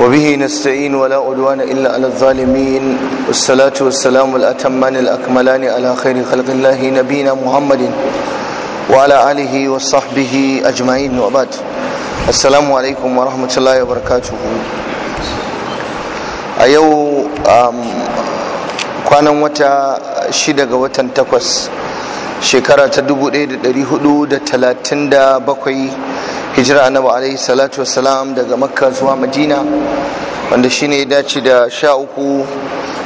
وبه نستعين ولا عدوان إلا على الظالمين والصلاة والسلام الأتمان الأكملان على خير خلق الله نبينا محمد وعلى آله وصحبه أجمعين وبعد السلام عليكم ورحمة الله وبركاته أيو kwanan wata shida ga watan takwas shekara ta 1437 hijira annabi alaihi salatu wassalam daga makka zuwa madina wanda shine ya dace da sha uku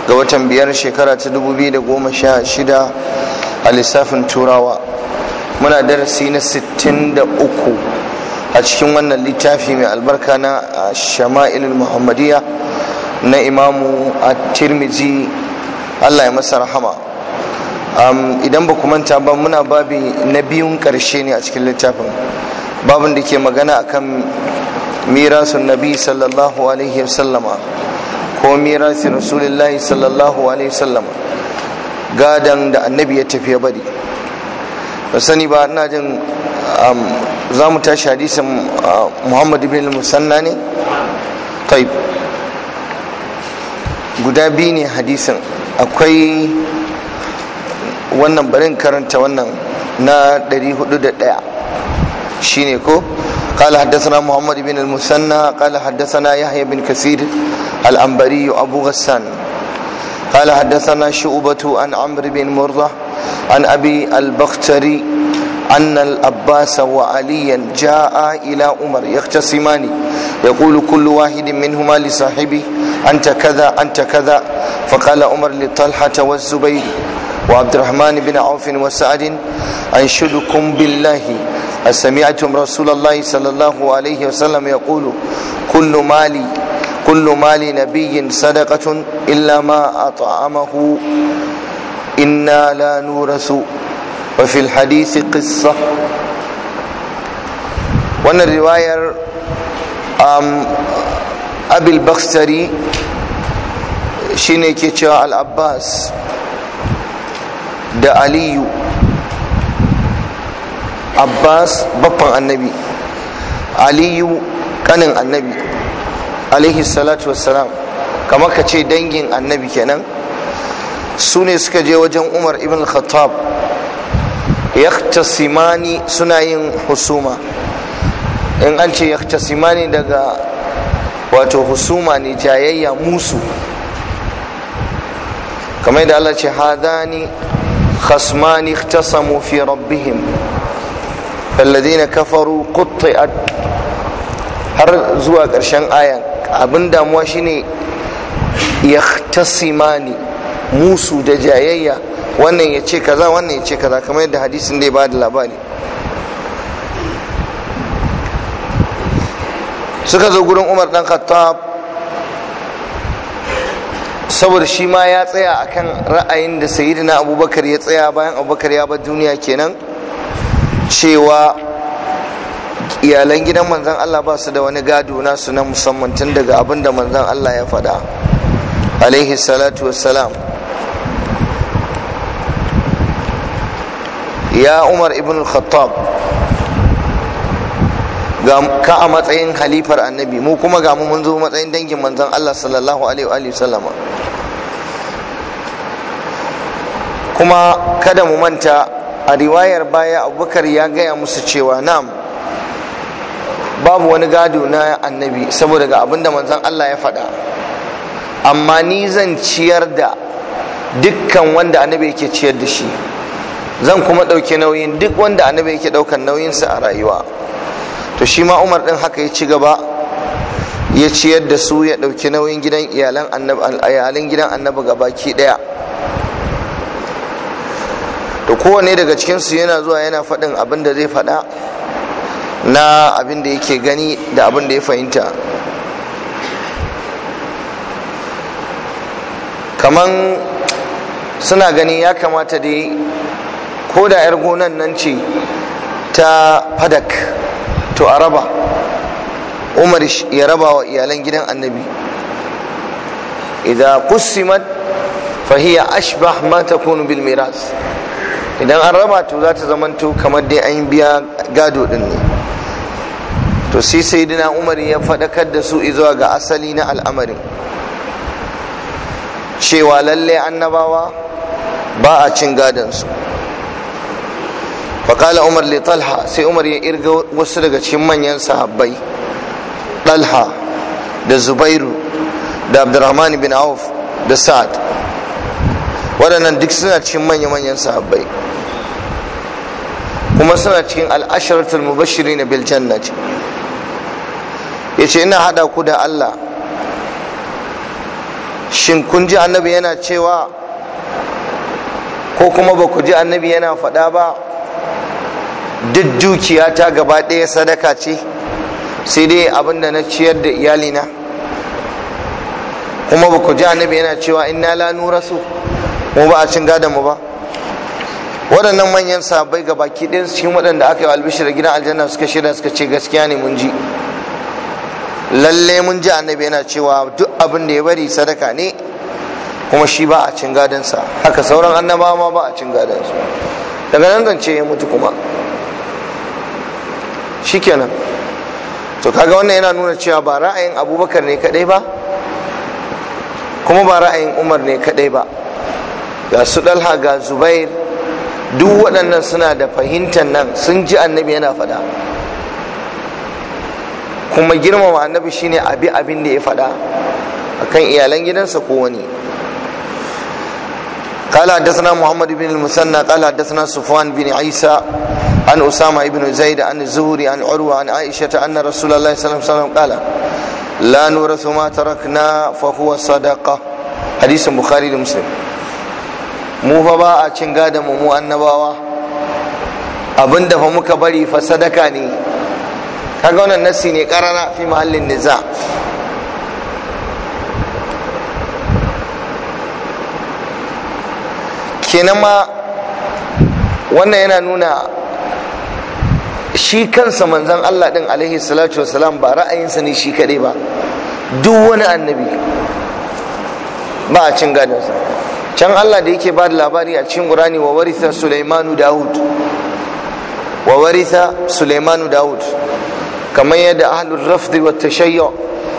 ga watan biyar shekara ta dubu biyu da goma sha shida a lissafin turawa muna darasi na sittin da uku a cikin wannan littafi mai albarka na shama'ilul muhammadiyya na imamu a tirmizi allah ya masa rahama idan ba ku manta ba muna babi na biyun karshe ne a cikin littafin babin da ke magana akan mirasun nabi sallallahu alaihi wasallama ko mirasi rasulullahi sallallahu alaihi wasallama gadan da annabi ya tafi ya bari ba sani ba ina jin um, za mu tashi hadisin uh, muhammad ibn musanna ne taib guda biyu ne hadisin akwai wannan barin karanta wannan na 401 shine ko قال حدثنا محمد بن المثنى قال حدثنا يحيى بن كثير الأنبري أبو غسان قال حدثنا شعبة عن عمرو بن مرة عن أبي البختري أن الأباس وعليا جاء إلى عمر يختصمان يقول كل واحد منهما لصاحبه أنت كذا أنت كذا فقال عمر لطلحة والزبير وعبد الرحمن بن عوف وسعد أنشدكم بالله أسمعتم رسول الله صلى الله عليه وسلم يقول كل مالي كل مال نبي صدقة إلا ما أطعمه إنا لا نورث وفي الحديث قصة وأن الرواية أبي البختري شيني كيتشا العباس da aliyu abbas baffan annabi aliyu kanin annabi alaihi salatu wassalam kamar ka ce dangin annabi kenan su ne suka je wajen umar ibn khattab simani suna yin husuma in an ce simani daga wato husuma ne jayayya musu kamar da Allah ce hadani خصمان اختصموا في ربهم الذين كفروا قطعت har zuwa ƙarshen ayan abin damuwa shine ya tasimani musu da jayayya wannan ya ce kaza wannan ya ce kaza kamar yadda hadisin da ya bada labari suka zo gurin umar dan khattab saboda shi ma ya tsaya a kan ra'ayin da sayyidina abubakar ya tsaya bayan abubakar ya bar duniya kenan cewa iyalan gidan manzan Allah ba su da wani gado nasu na musamman tun daga abin da manzan Allah ya faɗa alaihi salatu wassalam ya umar ibn khattab ga ka a matsayin halifar annabi mu kuma ga mu mun zo matsayin dangin manzan Allah sallallahu alaihi wa sallama kuma kada mu manta a riwayar baya abubakar ya gaya musu cewa nam babu wani gado na annabi saboda ga abinda manzon Allah ya faɗa amma ni zan ciyar da dukkan wanda annabi yake ciyar da shi zan kuma ɗauki nauyin duk wanda annabi yake ɗaukar nauyinsa a rayuwa to shi ma umar din haka ya ci gaba ya ciyar da su ya ɗauki nauyin gidan iyalan iyalan gidan annabi ga baki ɗaya to kowane daga su yana zuwa yana faɗin abin da zai faɗa na abin da yake gani da abin da ya fahimta kaman suna gani ya kamata dai ko da 'yar gonan nan ce ta fadak to a raba umar ya raba wa iyalan gidan annabi idan kusimat fahiya ashbah ma kunu bil miras idan an raba to za ta zamanto kamar dai an biya gado din ne to sai sai dina umar ya faɗakar da su izuwa ga asali na al'amarin cewa lalle annabawa ba a cin gadon su. faƙala umar li talha sai umar ya irga wasu daga cikin manyan sahabbai talha da zubairu da abdurrahman bin auf da sa'ad waɗannan duk suna cikin manya-manyan sahabbai kuma suna cikin al'asharatul mubashiri na biljanna ce ya ce ina hada ku da allah shin kun ji annabi yana cewa ko kuma ba ku ji annabi yana faɗa ba duk dukiya ta gaba ɗaya sadaka ce sai dai abin da na ciyar da iyalina kuma ba ku ji annabi yana cewa inna la nura su mu ba a cin gadon mu ba waɗannan manyan sabai ga baki ɗin cikin waɗanda aka yi da gidan aljanna suka shirya suka ce gaskiya ne mun ji lalle mun ji annabi yana cewa duk abin da ya bari sadaka ne kuma shi ba a cin gadansa haka sauran annabawa ma ba a cin gadansu daga nan zance ya mutu kuma shikenan to kaga wannan yana nuna cewa ba ra'ayin abubakar ne kadai ba kuma ba ra'ayin umar ne kadai ba ga su dalha ga zubair duk waɗannan suna da fahimtar nan sun ji annabi yana faɗa kuma girmama annabi shine abi abin da ya faɗa akan iyalan gidansa ko wani قال حدثنا محمد بن المثنى قال حدثنا صفوان بن عيسى عن أسامة بن زيد عن الزهري عن عروة عن عائشة أن رسول الله صلى الله عليه وسلم قال لا نورث ما تركنا فهو صدقة حديث البخاري ومسلم mu fa ba a cin gadon mu mu annabawa abin da fa muka bari fa sadaka ne kaga wannan nassi ne karara fi mahallin niza' kenan ma wannan yana nuna shi kansa manzan Allah ɗin alaihi salatu wasalam ba ra'ayinsa ne shi kaɗai ba duk wani annabi ba a cin gadonsa can Allah da yake ba da labari a cikin gurani wa warisa Sulaimanu Dawud wa warisa Sulaimanu Dawud kamar yadda ahlul rafdi wa tashayyu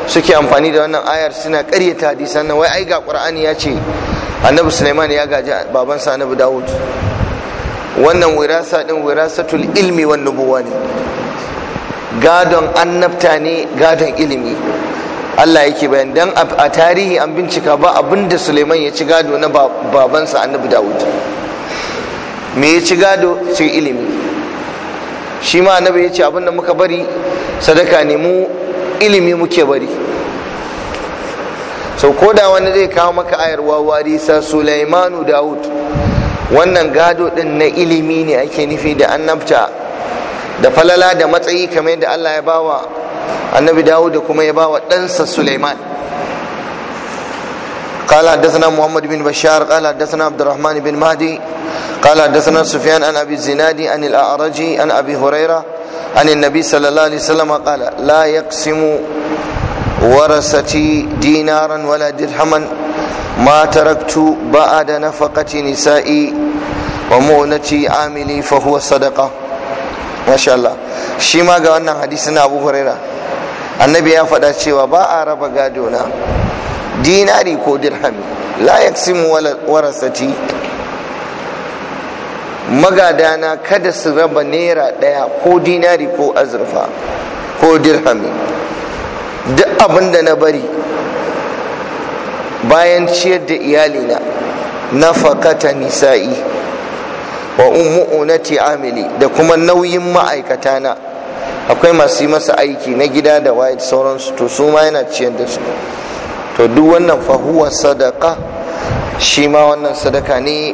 suke amfani da wannan ayar suna ƙaryata hadisan nan wai ai ga ƙur'ani ya ce annabi suleiman ya gaji babansa annabi dawud wannan wirasa din wirasatul ilmi wan nubuwa ne gadon annabta ne gadon ilimi Allah yake bayan dan a tarihi an bincika ba abinda suleiman ya ci gado na babansa annabi dawud me ya ci gado ce ilimi shi ma annabi ya ce abinda muka bari sadaka ne mu ilimi muke bari sau ko da wani zai kawo maka ayar sa sulaimanu daud wannan gado din na ilimi ne ake nufi da annabta da falala da matsayi kamar yadda allah ya bawa annabi dawud da kuma ya bawa ɗansa sulaiman قال حدثنا محمد بن بشار قال حدثنا عبد الرحمن بن مهدي قال حدثنا سفيان عن ابي الزناد عن الاعرج عن ابي هريره عن النبي صلى الله عليه وسلم قال لا يقسم ورثتي دينارا ولا درهما ما تركت بعد نفقة نسائي ومؤنتي عاملي فهو صدقة ما شاء الله ga wannan hadisin abu huraira annabi ya faɗa cewa ba a raba gado na dinari ko dirhami la yaksimu warasati magadana kada su raba naira ɗaya ko dinari ko azurfa ko dirhami abinda da na bari bayan ciyar da iyalina na fakata nisa'i wa umu'unati amili da kuma nauyin ma'aikata na akwai masu yi masa aiki na gida da white sauransu to su ma yana ciyar da su to duk wannan fahuwa sadaka shi ma wannan sadaka ne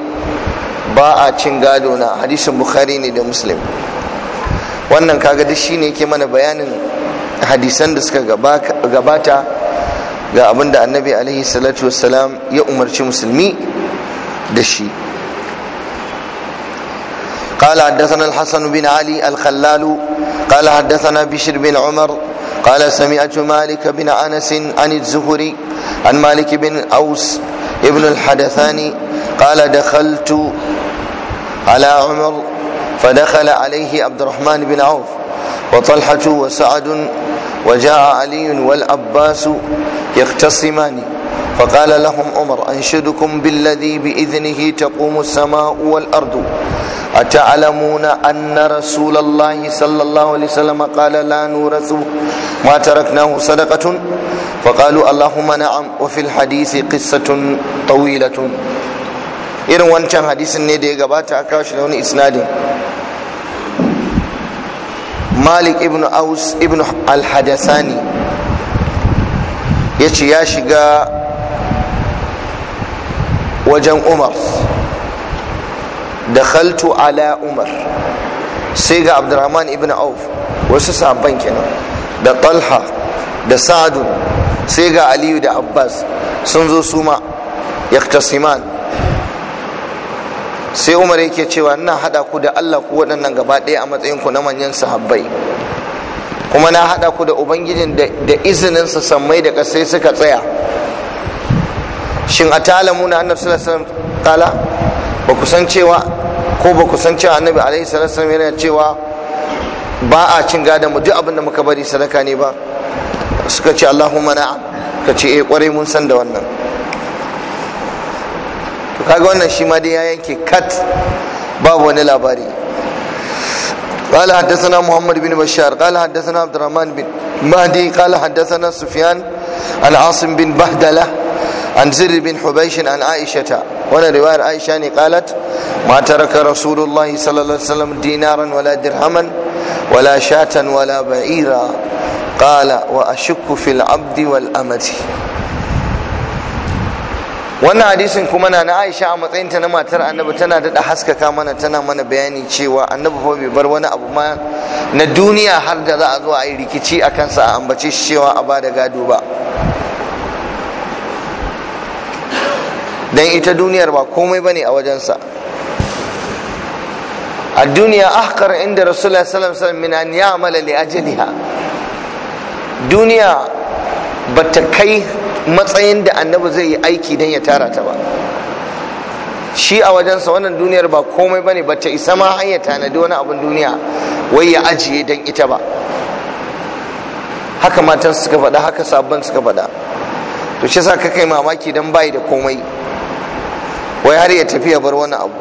ba a cin gado na hadisin bukhari ne da muslim wannan kaga duk shine yake mana bayanin hadisan da suka gabata ga abin da annabi alaihi salatu wasalam ya umarci musulmi da shi قال حدثنا الحسن بن علي الخلال قال حدثنا بشر بن عمر قال سمعت مالك بن انس عن الزهري عن مالك بن اوس ابن الحدثاني قال دخلت على عمر فدخل عليه عبد الرحمن بن عوف وطلحة وسعد وجاء علي والعباس يختصمان فقال لهم عمر أنشدكم بالذي بإذنه تقوم السماء والأرض أتعلمون أن رسول الله صلى الله عليه وسلم قال لا نورث ما تركناه صدقة فقالوا اللهم نعم وفي الحديث قصة طويلة irin wancan hadisin ne da ya gabata a kawo shi da wani isnadin malik ibn aus ibn al-hadasani ya ce ya shiga wajen umar da khaltu ala umar sai ga abdurrahman ibn auf wasu sabon kenan da talha da sadu sai ga aliyu da abbas sun zo suma yaktasiman sai umar yake cewa na hada ku da Allah ku waɗannan gaba ɗaya a matsayin ku na manyan sahabbai kuma na hada ku da ubangijin da izinin sa sammai da ƙasai suka tsaya shin a talamu na annabi sallallahu alaihi wasallam tala ba ku san cewa ko ba ku san cewa annabi alaihi sallallahu alaihi wasallam yana cewa ba a cin gadon mu duk abin da muka bari sadaka ne ba suka ce Allahumma na'am ka ce eh kwarai mun san da wannan kaga wannan shi ma dai ya yanke kat babu wani labari قال حدثنا محمد بن بشار قال حدثنا عبد الرحمن بن مهدي قال حدثنا سفيان عن عاصم بن بهدلة عن زر بن حبيش عن عائشة وانا رواية عائشة قالت ما ترك رسول الله صلى الله عليه وسلم دينارا ولا درهما ولا شاة ولا بعيرا قال وأشك في العبد والأمة wannan hadisin kuma na na aisha a matsayinta na matar annabi tana daɗa haskaka mana tana mana bayani cewa annabi fa bai bar wani abu ma na duniya har da za a zo a yi rikici a kansa a ambace shi cewa a ba da gado ba dan ita duniyar ba komai bane a wajensa A الدنيا أحقر عند رسول الله صلى الله عليه وسلم من أن Duniya ba ta kai. matsayin da annabi zai yi aiki don ya tara ta ba shi a wajensa wannan duniyar ba komai ba ne ta isa ma an tanadi wani abin duniya wai ya ajiye don ita ba haka matan suka faɗa haka sabon suka faɗa to shi sa kai mamaki don bayi da komai wai har ya tafi ya bar wani abu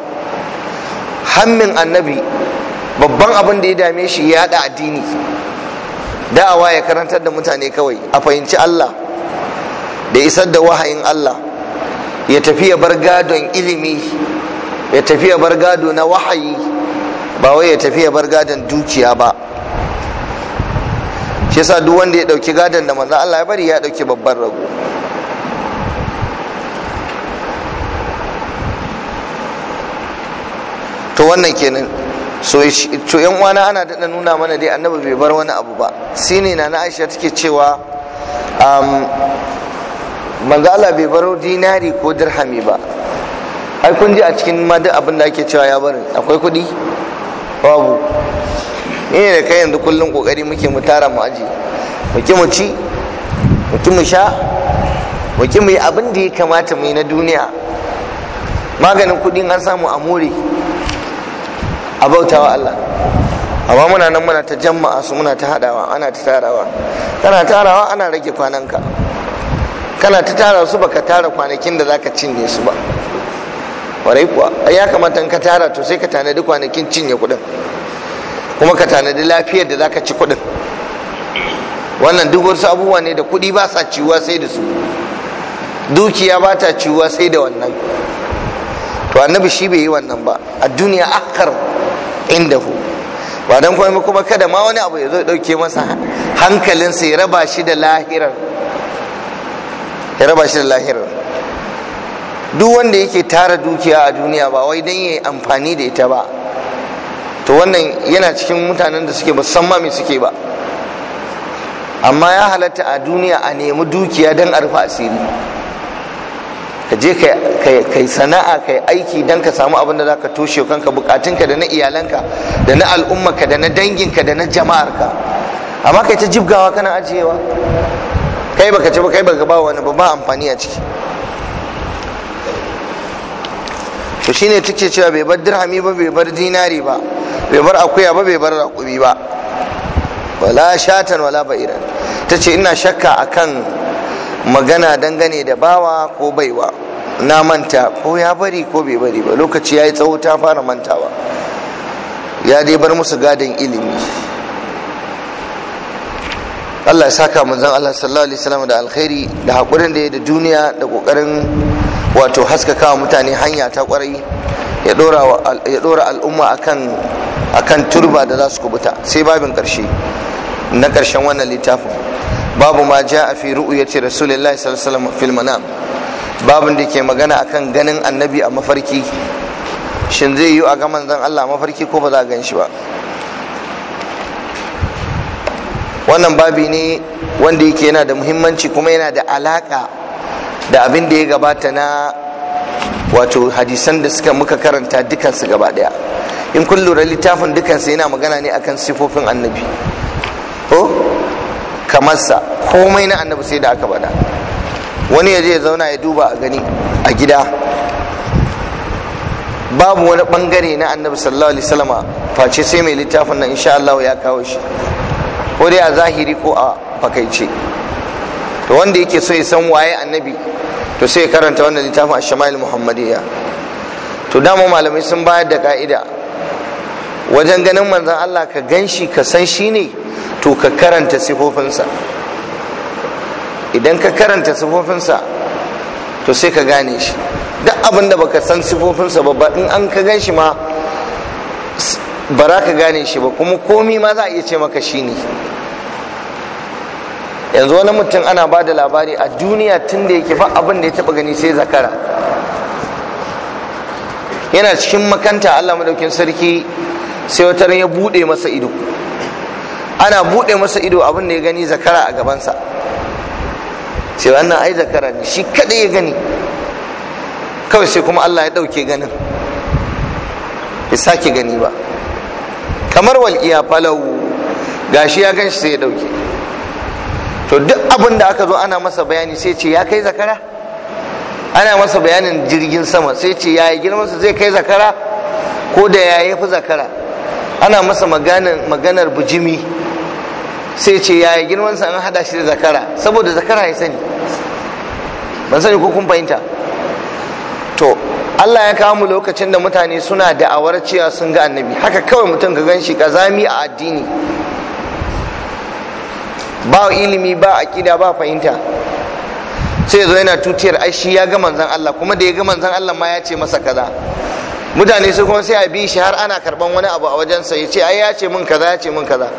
hammin annabi babban abin da ya dame shi ya da addini da'awa ya karantar da mutane kawai a fahimci Allah da isar da wahayin Allah ya tafi ya bar gadon ilimi ya tafi ya bar gado na wahayi ba wai ya tafi ya bar gadon dukiya ba shi yasa duk wanda ya dauki gadon da manzo Allah ya bari ya dauki babban rago to wannan kenan so to yan uwana ana daɗa nuna mana dai annabi bai bar wani abu ba shine na na aisha take cewa um, manzo Allah bai baro dinari ko dirhami ba ai kun ji a cikin ma duk abin da ake cewa ya bari. akwai kuɗi babu ne da kai yanzu kullum kokari muke mu tara mu aji mu ki mu ci mu ki mu sha mu ki mu yi abin da ya kamata mu yi na duniya maganin kuɗin an samu a more a bautawa Allah amma muna nan muna ta jama'a su muna ta hadawa ana ta tarawa kana tarawa ana rage kwananka kana ta tara su baka tara kwanakin da zaka cinye su ba warai kuwa ya kamata in ka tara to sai ka tanadi kwanakin cinye kuɗin kuma ka tanadi lafiyar da zaka ci kuɗin wannan duk wasu abubuwa ne da kuɗi ba sa ciwuwa sai da su dukiya ba ta ciwuwa sai da wannan to annabi shi bai yi wannan ba a duniya akar hu ba don kuma kuma kada ma wani abu ya zo dauke masa hankalinsa ya raba shi da lahirar ya raba shi da lahirar duk wanda yake tara dukiya a duniya ba wai don yi amfani da ita ba to wannan yana cikin mutanen da suke ba san ma me suke ba amma ya halatta a duniya a nemi dukiya don a rufe asiri ka je ka yi sana'a ka yi aiki don ka samu abin da za ka toshe kanka bukatunka da na iyalanka da na al'ummarka da na danginka da na jama'arka amma kai ta jibgawa kana ajiyewa kai baka ci ba kai baka ba wani ba ba amfani a ciki to shine tace cewa bai bar dirhami ba bai bar dinari ba bai bar akuya ba bai bar raƙumi ba wala shatan wala ba'iran ta ina shakka akan magana dangane da bawa ko baiwa na manta ko ya bari ko bai bari ba lokaci ya yi tsawo ta fara mantawa ya dai bar musu gadon ilimi Allah ya saka manzon Allah sallallahu alaihi wasallam da alkhairi da hakurin da ya da duniya da kokarin wato haskaka wa mutane hanya ta kwarai ya dora al'umma akan akan turba da za su kubuta sai babin karshe na karshen wannan littafin babu ma ja fi ru'yati rasulullahi sallallahu alaihi wasallam fil manam babin da ke magana akan ganin annabi a mafarki shin zai yi a ga manzon Allah mafarki ko ba za a gan shi ba wannan babi ne wanda yake yana da muhimmanci kuma yana da alaka da abin da ya gabata na wato hadisan da suka muka karanta dukansu gaba daya in kun lura littafin dukansu yana magana ne akan sifofin annabi ko kamar sa komai na annabi sai da aka bada wani ya je ya zauna ya duba a gani a gida babu wani bangare na annabi sallallahu alaihi wasallama face sai mai littafin nan insha Allah ya kawo shi ko dai a zahiri ko a fakaice to wanda yake so ya san waye annabi to sai ya karanta wannan littafin ash-shama'il muhammadiyya to dama malamai sun bayar da ka'ida wajen ganin manzon Allah ka ganshi ka san shi ne to ka karanta sifofinsa idan ka karanta sifofinsa to sai ka gane shi duk abinda baka san sifofinsa ba in an ka ganshi ma ba za ka gane shi ba kuma komi ma za a iya ce maka shi ne yanzu wani mutum ana ba da labari a duniya tun da yake fa abin da ya taba gani sai zakara yana cikin makanta allah madaukin sarki sai wata ya buɗe masa ido ana buɗe masa ido abin da ya gani zakara a gabansa sai wannan ai zakara ne shi kaɗai ya gani kawai sai kuma allah ya ɗauke ganin ya sake gani ba kamar walƙiya ga gashi ya ganshi sai ya dauke to duk abin da aka zo ana masa bayani sai ce ya kai zakara ana masa bayanin jirgin sama sai ce ya yi girmansa zai kai zakara ko da ya yi fi zakara ana masa maganar bujimi sai ce ya yi girmansa an hada shi da zakara saboda zakara ya sani ban sani ko kun fahimta Allah ya kawo mu lokacin da mutane suna da'awar cewa sun ga annabi haka kawai mutum ka gan shi kazami a addini ba ilimi ba akida ba fahimta sai zo yana tutiyar aishi ya ga manzon Allah kuma da ya ga manzon Allah ma ya ce masa kaza mutane su kuma sai a bi shi har ana karban wani abu a wajensa ya ce ai ya ce min kaza ya ce min kaza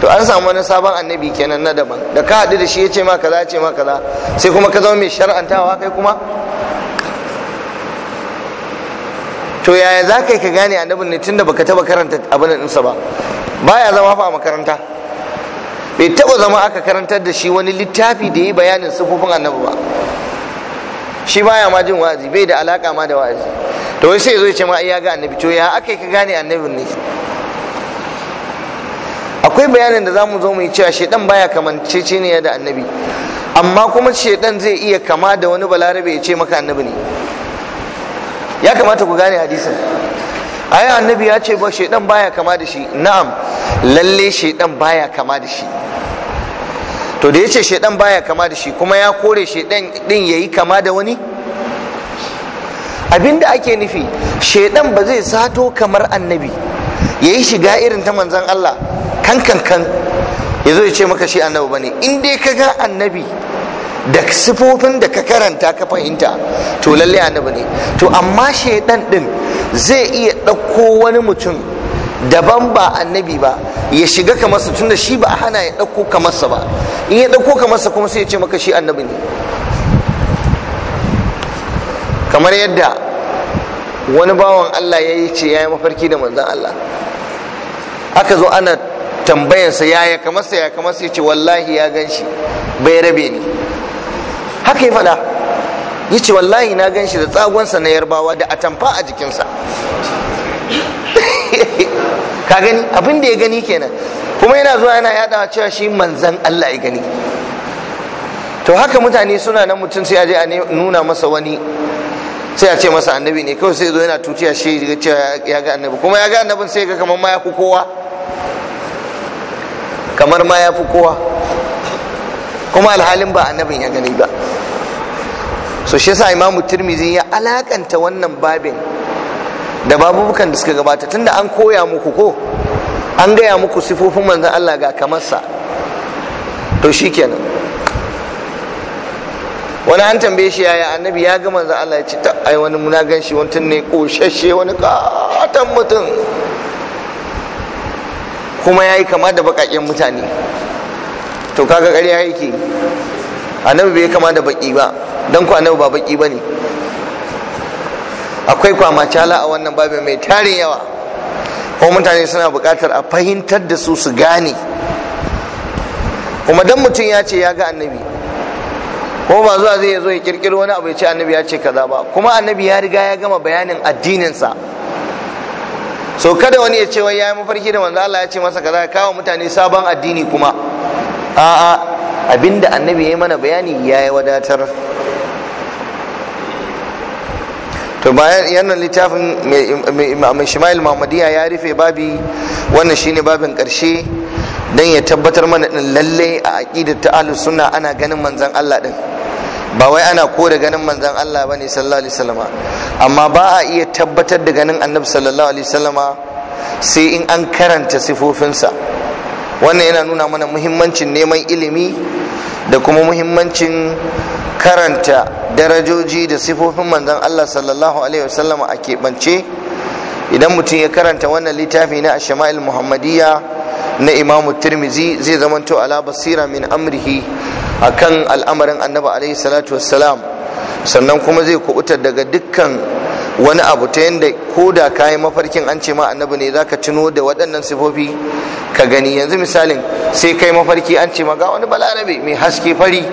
to an samu wani sabon annabi kenan na daban da ka haɗu da shi ya ce ma kaza ya ce ma kaza sai kuma ka zama mai shar'antawa kai kuma to yaya za ka yi ka gane annabin ne tunda baka taba karanta abin ɗinsa ba baya zama fa a makaranta bai taba zama aka karantar da shi wani littafi da yi bayanin sufufin annabi ba shi baya ma jin wa'azi bai da alaka ma da wa'azi to wai sai zo ya ce ma iya ga annabi to ya aka yi ka gane annabin ne akwai bayanin da zamu zo mu yi cewa shedan baya ya da annabi amma kuma shedan zai iya kama da wani balarabe ya ce maka annabi ne ya kamata ku gane hadisin ayi annabi ya ce ba shedan baya kama da shi na'am lalle shedan baya kama da shi to da ya ce baya kama da shi kuma ya kore shedan din yayi kama da wani abinda ake nufi shedan ba zai sato kamar annabi Yayi shiga irin ta Manzon Allah kan kan kan ya ya ce maka shi annabi bane in dai ka ga annabi da sifofin da ka karanta ka fahimta to lalle annabi ne to amma shaidan din zai iya ɗauko wani mutum daban ba annabi ba ya shiga kamar sa tunda shi ba a hana ya ɗauko kamar ba in ya ɗauko kamar sa kuma sai ya ce maka shi annabi ne kamar yadda wani bawan Allah ya yi ce ya yi mafarki da manzan Allah aka zo ana tambayansa ya kamar sa ya kamar ya ce wallahi ya gan shi bai rabe ni haka ya faɗa ya ce wallahi na gan shi da tsagonsa na yarbawa da atamfa a jikinsa ka gani abin ya gani kenan kuma yana zuwa yana yadawa cewa shi manzan Allah ya gani to haka mutane suna nan mutum sai a a nuna masa wani sai a ce masa annabi ne kawai sai zo yana tuciya shi ya ce ya ga annabi kuma ya ga annabin sai ga kamar ma ya kowa kamar ma ya fi kowa kuma alhalin ba annabin ya gani ba so shi yasa imamu turmizi ya alakanta wannan babin da babubukan da suka gabata tunda an koya muku ko an gaya muku sifofin manzan Allah ga kamarsa to shi kenan. wani an tambaye shi yaya annabi ya ga manzan Allah ya ta ai wani muna gan shi wani ne koshashe wani katon mutum kuma ya yi kama da baƙaƙen mutane to kaga ƙarya yake annabi bai kama da baki ba don ku annabi ba baki ba ne akwai kwamacala a wannan babin mai tarin yawa kuma mutane suna buƙatar a fahimtar da su su gane kuma dan mutum ya ce ya ga annabi kuma ba zuwa zai zo ya kirkiro wani abu ya ce annabi ya ce kaza ba kuma annabi ya riga ya gama bayanin addininsa so kada wani ya ce wai ya yi mafarki da manzo Allah ya ce masa kaza ya kawo mutane sabon addini kuma a'a abinda annabi ya yi mana bayani ya yi wadatar to bayan yannan littafin mai shima'il muhammadiya ya rufe babi wannan shine babin karshe don ya tabbatar mana din lalle a aƙidar ta ahlus sunna ana ganin manzon Allah din ba wai ana kore ganin manzon Allah bane sallallahu alaihi wasallama amma ba a iya tabbatar da ganin annabi sallallahu alaihi wasallama sai in an karanta sifofinsa wannan yana nuna mana muhimmancin neman ilimi da kuma muhimmancin karanta darajoji da sifofin manzan Allah sallallahu alaihi wasallama a keɓance idan mutum ya karanta wannan littafi na ashama'il muhammadiyya na imamu Turmizi, zai zamanto ala basira min amrihi akan al'amarin annabi alaihi sannan kuma zai kuɓuta daga dukkan wani abu ta yadda ko da ka yi mafarkin an ce ma annabi ne za ka tuno da waɗannan sifofi ka gani yanzu misalin sai kai mafarki an ce ma ga wani balarabe mai haske fari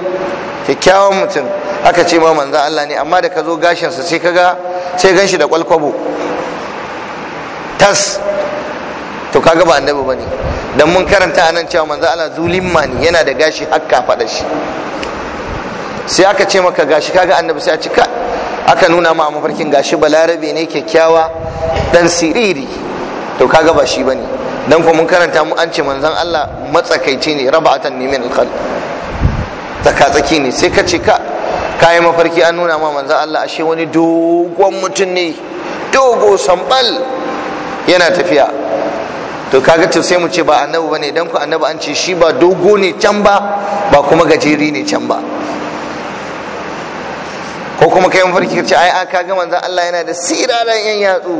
kyakkyawan mutum aka ce ma manzan Allah ne amma da ka zo gashinsa sai ka ga sai gan shi da kwalkwabo tas to ka ba annabi ba ne don mun karanta a nan cewa manzan Allah zulimma ne yana da gashi hakka faɗa shi sai aka ce maka gashi kaga annabi sai a cika aka nuna ma mafarkin gashi balarabe ne kyakkyawa dan siriri to kaga ba shi bane dan kuma mun karanta mu an ce manzon Allah matsakaici ne rabatan ne min alqal tsaki ne sai ka ce ka kai mafarki an nuna ma manzon Allah ashe wani dogon mutum ne dogo sambal yana tafiya to kaga to sai mu ce ba annabi bane dan ku annabi an ce shi ba dogo ne can ba ba kuma gajeri ne can ba ko kuma kai mafarki ce ai an kaga manzon Allah yana da siraran yan yatsu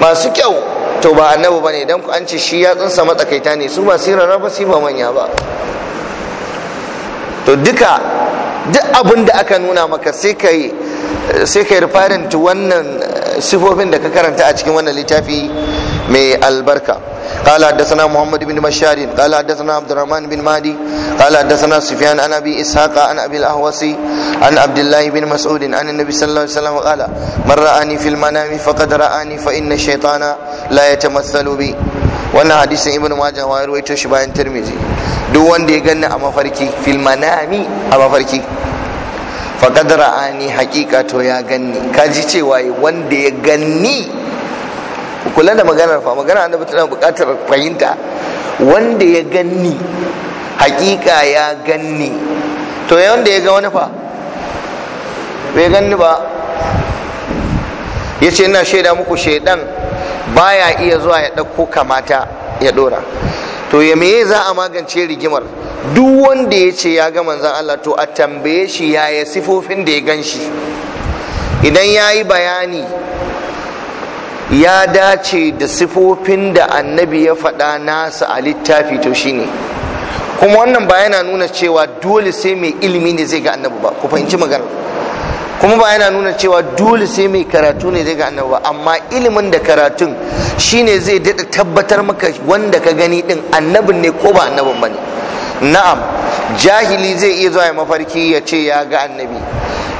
masu kyau to ba annabi bane dan ku an ce shi yatsunsa matsakaita ne su ba siraran ba su ba manya ba to duka duk abin da aka nuna maka sai ka yi sai wannan eh, sifofin da ka karanta a cikin wannan littafi mai albarka قال حدثنا محمد بن بشار قال حدثنا عبد الرحمن بن مهدي قال حدثنا سفيان عن ابي اسحاق عن ابي الاهوسي عن عبد الله بن مسعود عن النبي صلى الله عليه وسلم قال من رآني في المنام فقد رآني فإن الشيطان لا يتمثل بي wannan hadisin ibn majah wa rawaito shi bayan tirmizi duk wanda ya ganni a mafarki fil manami a mafarki faqad ra'ani haqiqa to ya ganni kaji cewa wanda ya ganni kula da maganar fa magana annabi tana buƙatar fahimta wanda ya ganni hakika ya ganni to ya wanda ya ga wani fa bai ganni ba ya ce ina shaida muku shaidan baya iya zuwa ya ɗauko kamata ya ɗora to ya me za a magance rigimar duk wanda ya ce ya ga manzan Allah to a tambaye shi yaya sifofin da ya gan shi idan ya yi bayani ya dace da sifofin da annabi ya faɗa nasa a littafi to shine kuma wannan ba yana nuna cewa dole sai mai ilimi ne zai ga annabi ba ku fahimci magana kuma ba yana nuna cewa dole sai mai karatu ne zai ga annabi ba amma ilimin da karatun shine zai daɗa tabbatar maka wanda ka gani din annabin ne ko ba annabin ba ne na'am jahili zai iya zuwa mafarki ya ce ya ga annabi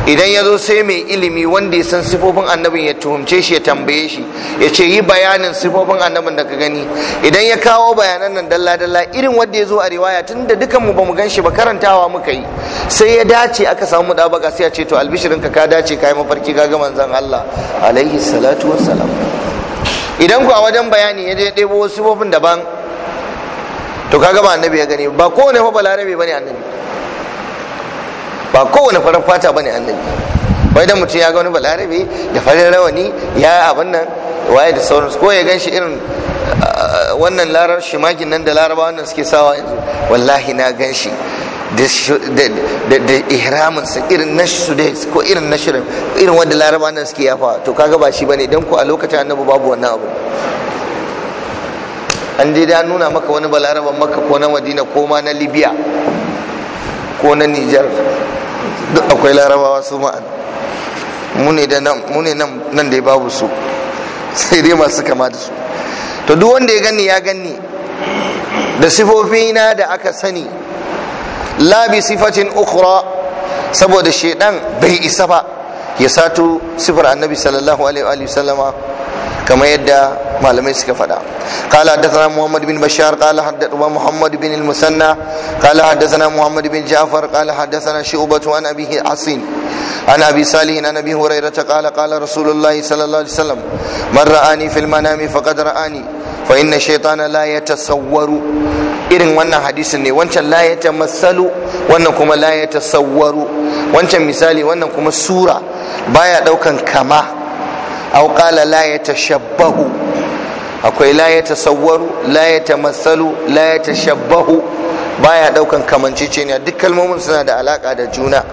idan ya zo sai mai ilimi wanda ya san sifofin annabin ya tuhumce shi ya tambaye shi ya ce yi bayanin sifofin annabin da ka gani idan ya kawo bayanan nan dalla-dalla irin wanda ya zo a riwaya tun da dukan mu bamu gan shi ba karantawa muka yi sai ya dace aka samu dabaka sai ya ce to albishirin ka ka dace ka yi mafarki ka ga manzon Allah alaihi salatu wassalam idan ku a wajen bayani ya je ɗebo sifofin daban to kaga ba annabi ya gani ba kowane fa balarabe bane annabi ba kowane farin fata bane annabi bai da mutum ya ga wani balarabe da farin rawani ya abin nan waye da sauransu ko ya gan shi irin uh, wannan larar shimagin nan da laraba wannan suke sawa yanzu wallahi na gan shi da ihramin sa irin na sudais ko irin na shirin irin wanda laraba nan suke yafa to kaga ba shi bane dan ko a lokacin annabi babu wannan abu an dai da nuna maka wani balaraban maka ko na madina ko ma na libya ko na nijar duk akwai larabawa su ma'an mune da nan da babu su sai dai masu kama da su to duk wanda ya gani ya gani da sifofina da aka sani labi sifatin ukura saboda shaidan bai isa ba ya sato sifar annabi sallallahu alaihi wa كما يدى ما لم يسك فدا قال حدثنا محمد بن بشار قال حدثنا محمد بن المثنى قال حدثنا محمد بن جعفر قال حدثنا شعبة عن أبي حصين عن أبي صالح عن أبي هريرة قال قال رسول الله صلى الله عليه وسلم من رآني في المنام فقد رآني فإن الشيطان لا يتصور irin wannan hadisin ne wancan la ya tamassalu wannan kuma la ya tasawwaru wancan misali wannan kuma sura baya daukan kama aw qala la yatashabbahu akwai la yatasawwaru la yatamassalu la yatashabbahu baya daukan kamanceceniya duk kalmomin suna da alaka da juna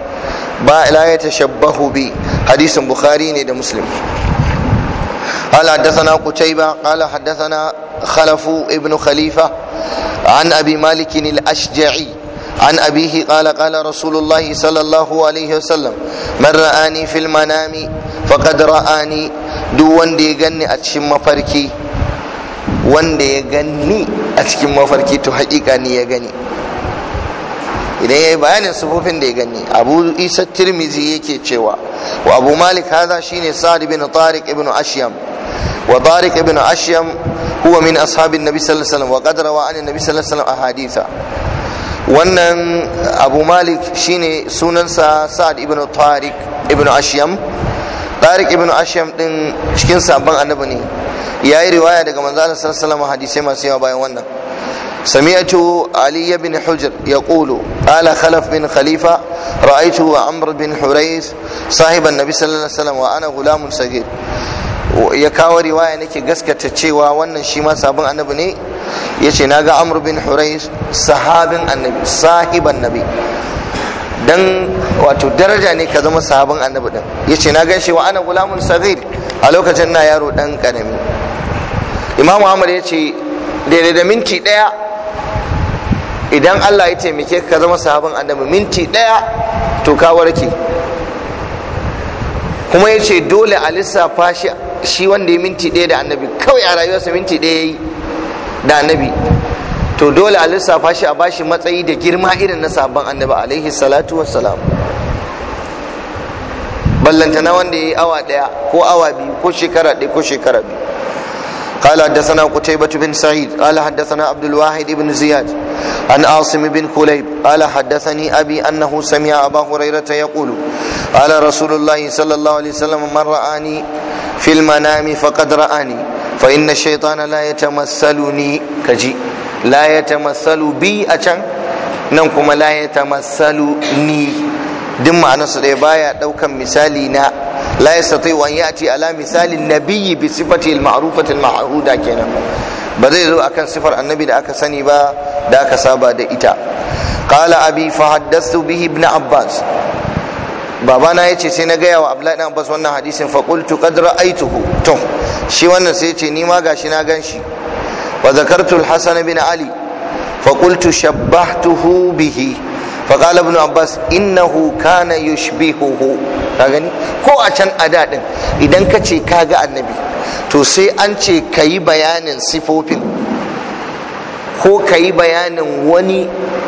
ba la yatashabbahu bi hadisin bukhari ne da muslim قال حدثنا قتيبة قال حدثنا خلف ابن خليفة عن أبي مالك الأشجعي عن أبيه قال قال رسول الله صلى الله عليه وسلم من رآني في المنام فقد رآني دو wanda ya ganni a cikin mafarki wanda ya ganni a cikin mafarki to haƙiƙa ne ya gani idan ya yi bayanin sufufin da ya gani abu isa tirmizi yake cewa wa abu malik haza shine sa'ad bin tariq ibn ashyam wa tariq ibn ashyam huwa min ashabin nabi sallallahu alaihi wasallam wa qad rawa an nabi sallallahu alaihi wasallam ahaditha wannan abu malik shine sunansa sa'ad ibn tariq ibn ashyam tariq ibn ashyam din cikin sabon annabi ne yayi riwaya daga manzo Allah sallallahu hadisai masu yawa bayan wannan سمعت علي بن حجر يقول قال خلف بن Khalifa, رأيته عمرو بن حريث صاحب النبي صلى الله عليه وسلم وأنا غلام صغير ya kawo riwaya nake gaskata cewa wannan shi ma sabon annabi ne ya ce na ga amur bin hurai sahabin annabi sahiban nabi dan wato daraja ne ka zama sahabin annabi din ya ce na ganshi wa ana gulamun sagir a lokacin na yaro dan karami imamu ahmad ya ce daidai da minti daya idan allah ya taimake ka zama sahabin annabi minti daya to ka warke kuma ya ce dole a lissafa shi shi wanda ya minti ɗaya da annabi kawai a rayuwarsa minti ɗaya ya yi da annabi to dole a lissafa shi a bashi matsayi da girma irin na sabon annabi alaihi salatu wassalam ballantana wanda ya yi awa ɗaya ko awa biyu ko shekara ɗaya ko shekara biyu قال حدثنا قتيبة بن سعيد قال حدثنا عبد الواحد بن زياد عن عاصم بن كليب قال حدثني أبي أنه سمع أبا هريرة يقول قال رسول الله صلى الله عليه وسلم من رآني في المنام فقد رآني فإن الشيطان لا يتمثلني كجي لا يتمثل بي أجن نمكم لا يتمثلني دم معنى صدي بايا لو كان مثالي la yastati an ce ala misalin nabiyyi bi sifati al kenan ba zai zo kan sifar annabi da aka sani ba da aka saba da ita qala abi fa haddastu bihi ibn abbas babana yace sai na gaya wa abdullahi ibn abbas wannan hadisin fa qultu qad ra'aytuhu shi wannan sai yace ni ma shi na ganshi wa zakartu al-hasan bin ali fa qultu shabbahtuhu bihi فقال ابن عباس إنه كان يشبهه ka gani ko a can a daɗin idan ka ce ka ga annabi to sai an ce ka yi bayanin sifofin ko ka yi bayanin wani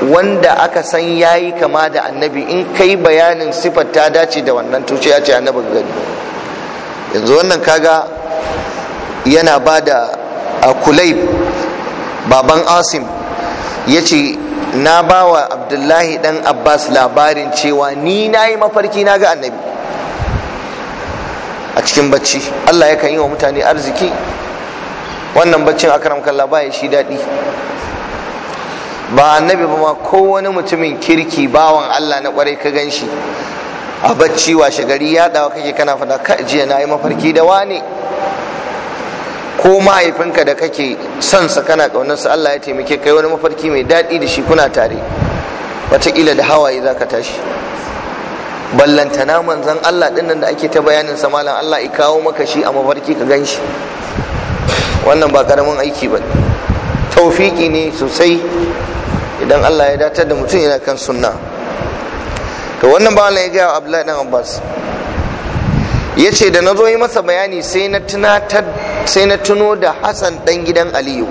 wanda aka san ya yi kama da annabi in ka yi bayanin sifar ta dace da wannan to ya ce annabi gani yanzu wannan kaga yana ba da kulaib baban asim ya ce na ba wa abdullahi dan abbas labarin cewa ni na yi mafarki na ga annabi a cikin bacci allah yakan yi wa mutane arziki wannan baccin akaram kalla ba shi daɗi ba annabi ba ma kowane mutumin kirki bawan allah na kwarai ka gan shi a bacci washe gari ya dawa kake kana fada ka jiya na yi mafarki da wane ko mahaifinka da kake son sa kana sa Allah ya taimake kai wani mafarki mai daɗi da shi kuna tare wataƙila da hawaye za ka tashi ballantana manzan Allah ɗin nan da ake ta bayanin sa malam Allah ya kawo maka shi a mafarki ka gan wannan ba ƙaramin aiki ba taufiki ne sosai idan Allah ya datar da mutum yana kan sunna to wannan ba ya gaya wa Abdullahi dan Abbas ya ce da na zo yi masa bayani sai na tuno da hassan ɗan gidan aliyu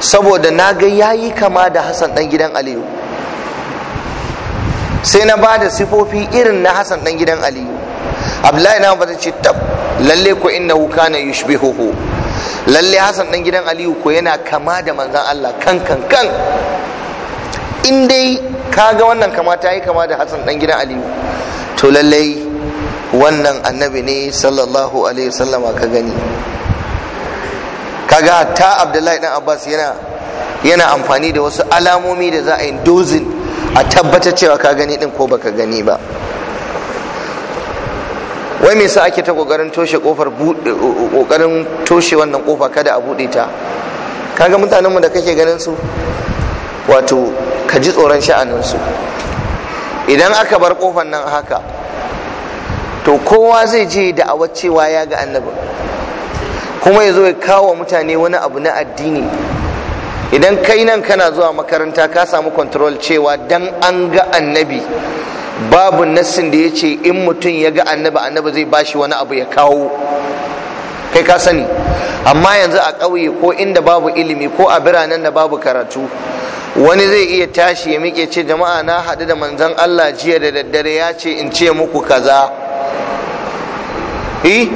saboda na ga ya yi kama da hassan ɗan gidan aliyu sai na ba da sifofi irin na hassan ɗan gidan aliyu abdullahi na ba ta ce tab lalle ko inna wuka na yushbihuhu lalle hassan ɗan gidan aliyu ko yana kama da manzan allah kan kan kan in dai ga wannan kamata ya yi kama da hassan ɗan gidan aliyu to lallai wannan annabi ne sallallahu alaihi wasallama ka gani kaga ta abdullahi dan abbas yana yana amfani da wasu alamomi da za a yi dozin a tabbatar cewa ka gani din ko baka gani ba wai me yasa ake ta kokarin toshe kofar kokarin toshe wannan kofa kada a bude ta kaga mutanen mu da kake ganin su wato ka ji tsoron sha'anin su idan aka bar kofar nan haka to kowa zai je da'awar cewa ya ga annabi kuma ya zo ya kawo mutane wani abu na addini idan kai nan kana zuwa makaranta ka samu control cewa dan an ga annabi babu nassin da ya ce in mutum ya ga annabi annabi zai bashi wani abu ya kawo kai ka sani amma yanzu a ƙauye ko inda babu ilimi ko a biranen da babu karatu wani zai iya tashi ya miƙe ce jama'a na haɗu da manzon Allah jiya da daddare ya ce in ce muku kaza eh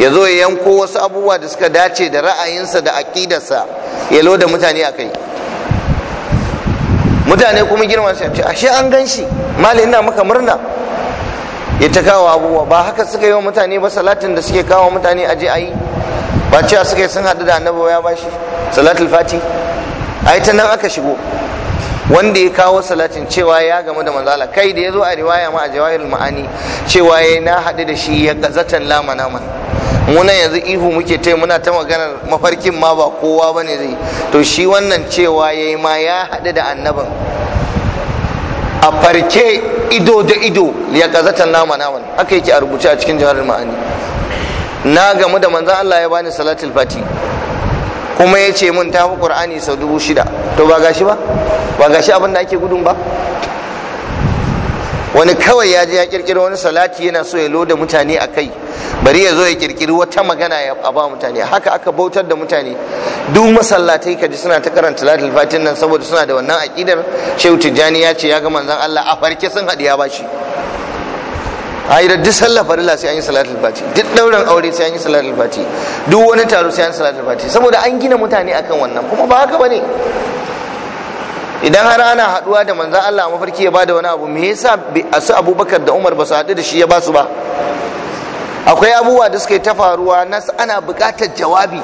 ya zo ya yanko wasu abubuwa da suka dace da ra'ayinsa da aƙidarsa ya loda mutane a kai mutane kuma girma su ce ashe an gan shi mali ina maka murna ya ta kawo abubuwa ba haka suka yi wa mutane ba salatin da suke kawo mutane aje a yi ba cewa suka yi sun haɗu da annabi ya bashi salatul fati ai ta nan aka shigo wanda ya kawo salatin cewa ya gamu da manzala kai da ya zo a riwaya ma a jawayar ma'ani cewa ya na haɗu da shi ya gazatan lama naman muna yanzu ihu muke ta muna ta maganar mafarkin ma ba kowa ba ne zai to shi wannan cewa ya yi ma ya haɗu da annabin a farke ido da ido ya kazatan nama naman haka yake a rubuce a cikin jihar ma'ani na gamu da manzan Allah ya bani salatul fati kuma ya ce mun tafi qur'ani sau dubu shida to ba gashi ba ba gashi abin da ake gudun ba wani kawai ya je ya kirkiri wani salati yana so ya loda mutane a kai bari ya zo ya kirkiri wata magana ya ba mutane haka aka bautar da mutane duk masallatai ka ji suna ta karanta salatul fatin nan saboda suna da wannan aqidar shehu tijjani ya ce ya ga manzon Allah a farke sun hadiya bashi ai da duk sallah farilla sai an yi salatul fati duk dauran aure sai an yi salatul fati duk wani taro sai an yi salatul fati saboda an gina mutane akan wannan kuma ba haka bane idan har ana haduwa da manzan Allah mafarki ya bada wani abu me yasa su abubakar da umar ba su haɗu da shi ya ba su ba akwai abubuwa da suka yi ta faruwa na ana buƙatar jawabi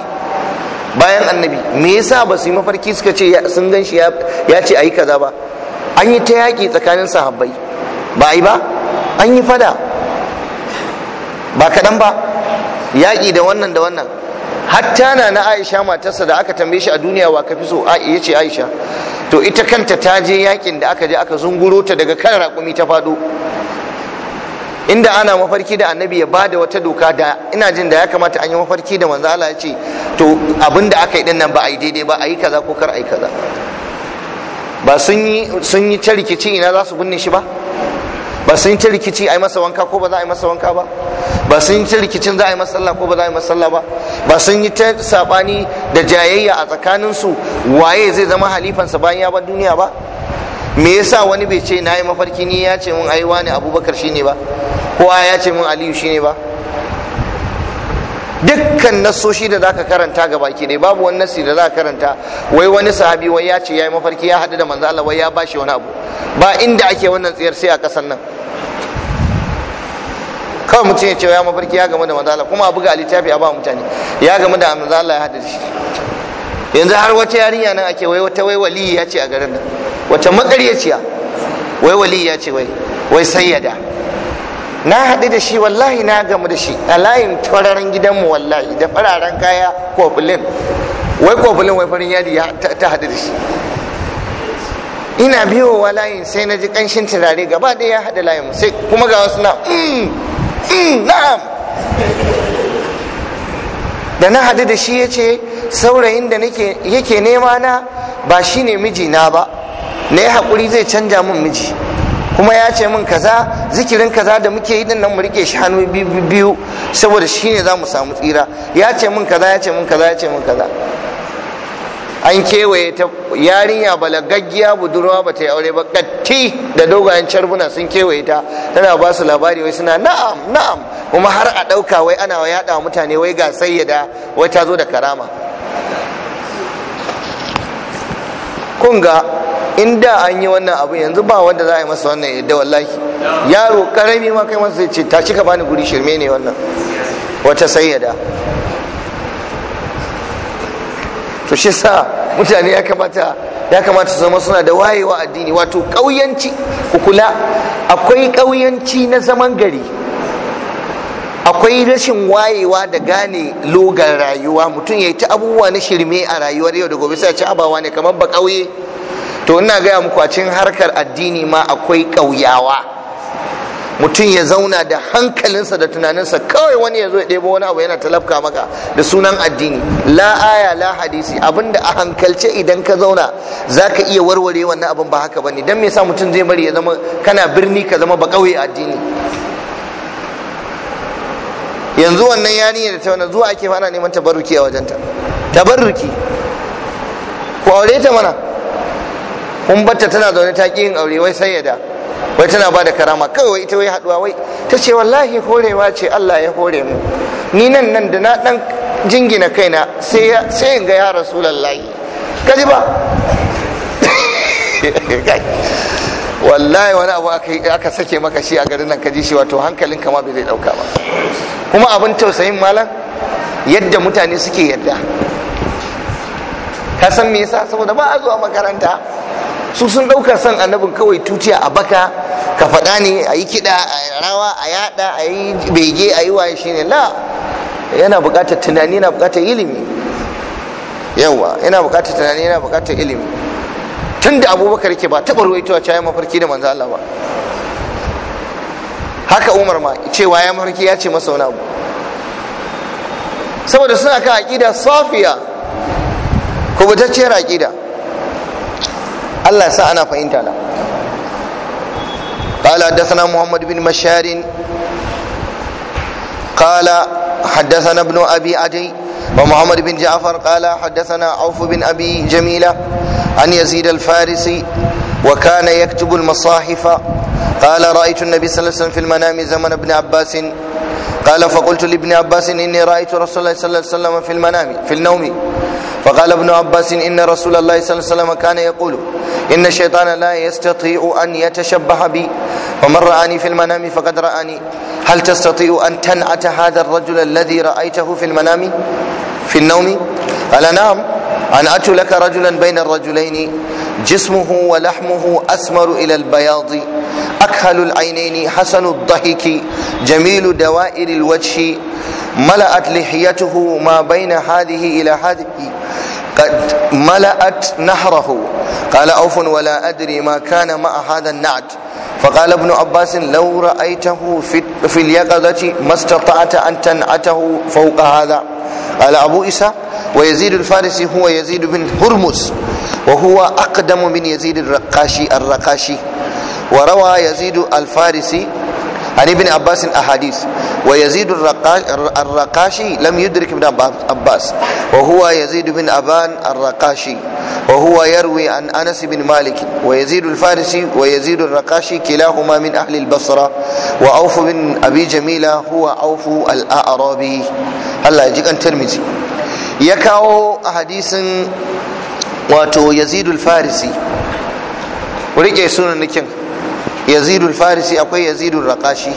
bayan annabi me yasa ba su yi mafarki suka ce sun gan shi ya ce a yi kaza ba an yi ta yaƙi tsakanin sahabbai ba yi ba an yi fada ba kaɗan ba yaƙi da wannan da wannan hatta na na aisha matarsa da aka tambaye shi a duniya wa kafi so ya ce aisha to ita kanta ta je yakin da aka je aka zunguro ta daga kan raƙumi ta fado? inda ana mafarki da annabi ya bada wata doka da ina jin da ya kamata an yi mafarki da manzo Allah ya ce to abin da aka yi din nan ba a yi daidai ba a yi kaza ko kar a yi kaza ba sun yi sun yi ta rikici ina za su binne shi ba ba sun ta rikici a yi masa wanka ko ba za a yi masa wanka ba ba sun ta rikicin za a yi masa sallah ko ba za a yi masa sallah ba ba sun yi ta sabani da jayayya a tsakaninsu waye zai zama halifansa bayan ya bar duniya ba me yasa wani bai ce na yi mafarki ni ya ce mun ai wani abubakar shine ba ko ya ce mun aliyu shine ba dukkan nasoshi da zaka karanta ga baki ne, babu wani nasi da zaka karanta wai wani sahabi wai ya ce yayi mafarki ya haɗu da manzo Allah wai ya bashi wani abu ba inda ake wannan tsiyar sai a kasan nan kawai mutum ya ce ya mafarki ya game da manzala kuma a buga alitafi littafi a ba mutane ya game da manzala ya hada shi yanzu har wata yarinya nan ake wai wata wai waliyi ya ce a garin nan wata makaryaciya wai waliyi ya ce wai wai sayyada na haɗu da shi wallahi na gamu da shi a layin turaren gidanmu wallahi da fararen kaya kofulin wai kofulin wai farin yadi ta haɗu da shi ina biyowa layin sai na ji ƙanshin turare gaba ɗaya ya haɗa layin sai kuma ga wasu na mm. Mm, na'am da na hadu da shi ya ce saurayin da yake nema na ba shi ne mijina ba na yi haƙuri zai canja min miji kuma ya ce min kaza zikirin kaza da muke yi nan mu rike shi hannu biyu saboda shi ne za mu samu tsira ya ce min kaza ya ce min kaza ya ce min kaza an kewaye ta yarinya balagaggiya budurwa ba ta yi aure ba katti da dogayen carbuna sun kewaye ta tana ba su labari wai suna na'am na'am kuma har a ɗauka wai ana wa yaɗa mutane wai ga sayyada wai ta zo da karama kun ga inda an yi wannan abu yanzu ba wanda za a yi masa wannan yadda wallahi yaro karami ma kai masa ce ta cika bani guri shirme ne wannan wata sayyada to shi sa mutane ya kamata ya kamata su zama suna da wayewa addini wato ƙauyanci ku kula akwai ƙauyanci na zaman gari akwai rashin wayewa da gane logar rayuwa mutum ya yi ta abubuwa na shirme a rayuwar yau da gobe sai ci abawa ne kamar ba ƙauye to ina gaya muku a cikin harkar addini ma akwai ƙauyawa mutum ya zauna da hankalinsa da tunaninsa kawai wani ya zo ya ɗebo wani abu yana talafka maka da sunan addini la aya la hadisi abinda a hankalce idan ka zauna za ka iya warware wannan abin ba haka bane don me sa mutum zai bari ya zama kana birni ka zama ba kauye addini yanzu wannan yarinya da ta wani zuwa ake fana neman tabarruki a wajenta tabarruki ku aure ta mana kun batta tana zaune ta ƙi yin aure wai sai ya da wai tana bada karama kawai ita wai haduwa wai ta ce wallahi horewa ce Allah ya hore mu ni nan nan da na dan jingina kaina sai sai in ga ya rasulullahi kaji ba wallahi wani abu aka sake maka shi a garin nan kaji shi wato hankalin kama bai zai dauka ba kuma abin tausayin malam yadda mutane suke yadda ka san me yasa saboda ba a zuwa makaranta su sun ɗauka son annabin kawai tutiya a baka ka faɗa ne a yi kiɗa a rawa a yaɗa a yi bege a yi waye shine la yana buƙatar tunani yana buƙatar ilimi yawa yana buƙatar tunani yana buƙatar ilimi tun da abubakar yake ba taɓa ruwaitowa cewa mafarki da manzo Allah ba haka umar ma cewa ya mafarki ya ce masa wani abu saboda suna kan aƙida safiya kubutacciyar aƙida الله sa ana قال حدثنا محمد بن مشار قال حدثنا ابن أبي عدي ومحمد بن جعفر قال حدثنا عوف بن أبي جميلة عن يزيد الفارسي وكان يكتب المصاحف قال رأيت النبي صلى الله عليه وسلم في المنام زمن ابن عباس قال فقلت لابن عباس إني رأيت رسول الله صلى الله عليه وسلم في المنام في النوم فقال ابن عباس إن رسول الله صلى الله عليه وسلم كان يقول إن الشيطان لا يستطيع أن يتشبه بي ومن رآني في المنام فقد رآني هل تستطيع أن تنعت هذا الرجل الذي رأيته في المنام في النوم قال نعم أنعت لك رجلا بين الرجلين جسمه ولحمه أسمر إلى البياض أكحل العينين حسن الضحك جميل دوائر الوجه ملأت لحيته ما بين هذه إلى هذه قد ملأت نهره قال أوف ولا أدري ما كان مع هذا النعت فقال ابن عباس لو رأيته في, في اليقظة ما استطعت أن تنعته فوق هذا قال أبو إسحاق ويزيد الفارسي هو يزيد بن هرمز وهو أقدم من يزيد الرقاشي الرقاشي وروى يزيد الفارسي عن ابن عباس أحاديث ويزيد الرقاشي لم يدرك ابن عباس وهو يزيد بن أبان الرقاشي وهو يروي عن أنس بن مالك ويزيد الفارسي ويزيد الرقاشي كلاهما من أهل البصرة وأوف بن أبي جميلة هو أوف الأعرابي هلا يجيك أن ترمزي ya kawo a hadisin wato yazidul farisi rike sunan nikin yazidul farisi akwai yazidul raƙashi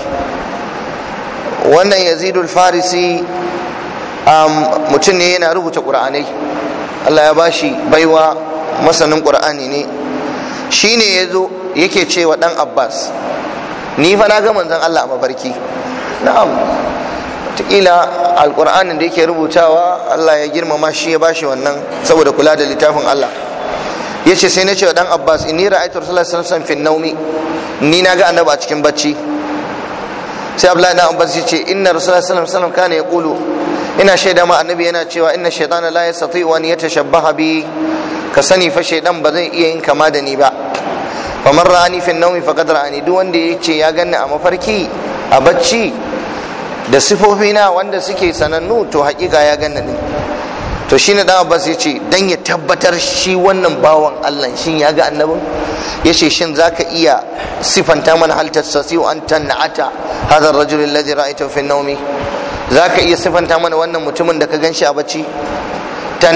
wannan yazidul farisi um, mutum ne yana rubuta ƙura'anai allah ya bashi baiwa masanin ƙura'ani ne shi ne ya zo yake cewa ɗan abbas ni fa na ga manzan allah a mafarki na'am wataƙila alƙur'anin da yake rubutawa Allah ya girmama shi ya bashi wannan saboda kula da littafin Allah yace sai na ce wa dan Abbas inni ra'aytu Rasulullah sallallahu alaihi wasallam fi naumi ni na ga annabi a cikin bacci sai Abdullahi dan Abbas ya ce inna Rasulullah sallallahu alaihi wasallam kana yaqulu ina shaida ma annabi yana cewa inna shaytana la wa an yatashabbaha bi ka sani fa shaydan ba zai iya yin kama da ni ba Kamar ra'ani fi naumi faqad ra'ani duk wanda ya ce ya ganni a mafarki a bacci da sifofina wanda suke sanannu to haƙiƙa ya gane ne to shine dan Abbas ya ce don ya tabbatar shi wannan bawan Allah shin ya ga annabin ya ce shin ka iya sifanta mana sassi wa an tanna ata ar rajulun alladhi ra'aytahu fi an Za ka iya sifanta mana wannan mutumin da ka ganshi a bacci ta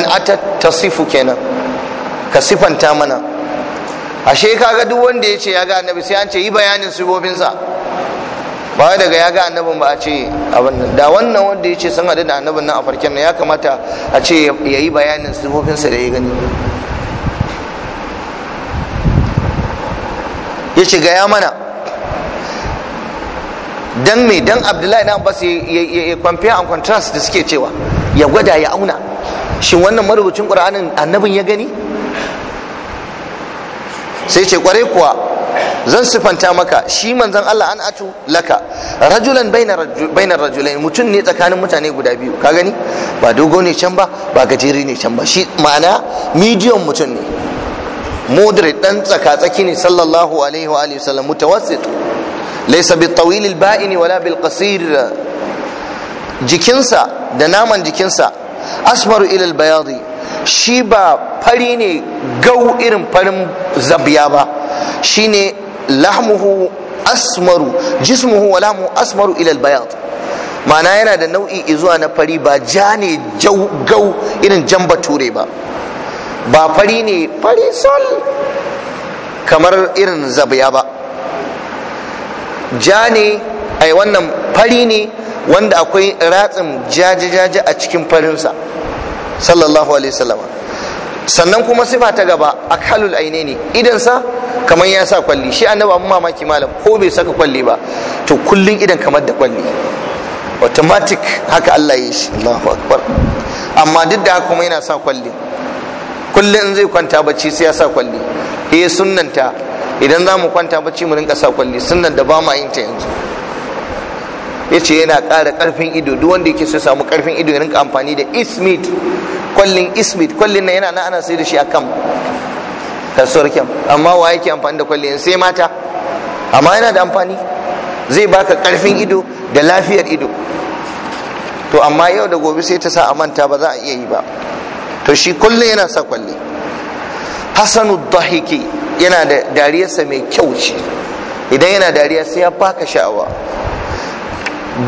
tasifu kenan ka sifanta mana ashe ga duk wanda ya ce ya ga annabi sai an ce yi bayanin sifofinsa ba daga ya ga annabin ba a ce da wannan wanda ya ce sun haɗu da annabin nan a farken ya kamata a ce ya yi bayanin sifofinsa da ya gani ya ce gaya mana dan me dan abdullahi na abbas ya compare and contrast da suke cewa ya gwada ya auna shin wannan marubucin ƙura'anin annabin ya gani sai ce kwarai kuwa zan sifanta maka shi manzon Allah an atu laka rajulan bainar rajulain mutum ne tsakanin mutane guda biyu ka gani ba dogo ne can ba ba gajeri ne can ba shi ma'ana medium mutum ne moderate dan tsaka tsaki ne sallallahu alaihi wa alihi wasallam mutawassit laysa bil tawil al ba'in wala bil qasir jikinsa da naman jikinsa asmaru ila al bayadi shi ba fari ne gau irin farin zabiya ba shine lahmuhu asmaru jismuhu wa lahmuhu asmaru ilal bayan. ma'ana yana da nau'i zuwa na fari ba ja ne gau irin jan bature ba ba fari ne fari sol kamar irin zabiya ba ja ne ai wannan fari ne wanda akwai ratsin jaji-jaji a cikin farinsa sallallahu alaihi wasallama sannan kuma sifa ta gaba akalul aine ne idansa kamar ya sa kwalli shi annabi abun mamaki malam ko bai saka kwalli ba to kullun idan kamar da kwalli automatic haka Allah ya shi Allahu akbar amma duk da kuma yana sa kwalli kullun in zai kwanta bacci sai ya sa kwalli eh sunnanta idan za mu kwanta bacci mu rinka sa kwalli sunnan da ba ma yin ta yanzu ya ce yana ƙara ƙarfin ido duk wanda yake so samu ƙarfin ido ya amfani da ismit kwallin ismit kwallin na yana na ana sai da shi a kam kasuwar kyan amma wa yake amfani da kwallin sai mata amma yana da amfani zai baka ƙarfin ido da lafiyar ido to amma yau da gobe sai ta sa a manta ba za a iya yi ba to shi kullum yana sa kwalli hasanu dahiki yana da dariyarsa mai kyau ce idan yana dariya sai ya baka sha'awa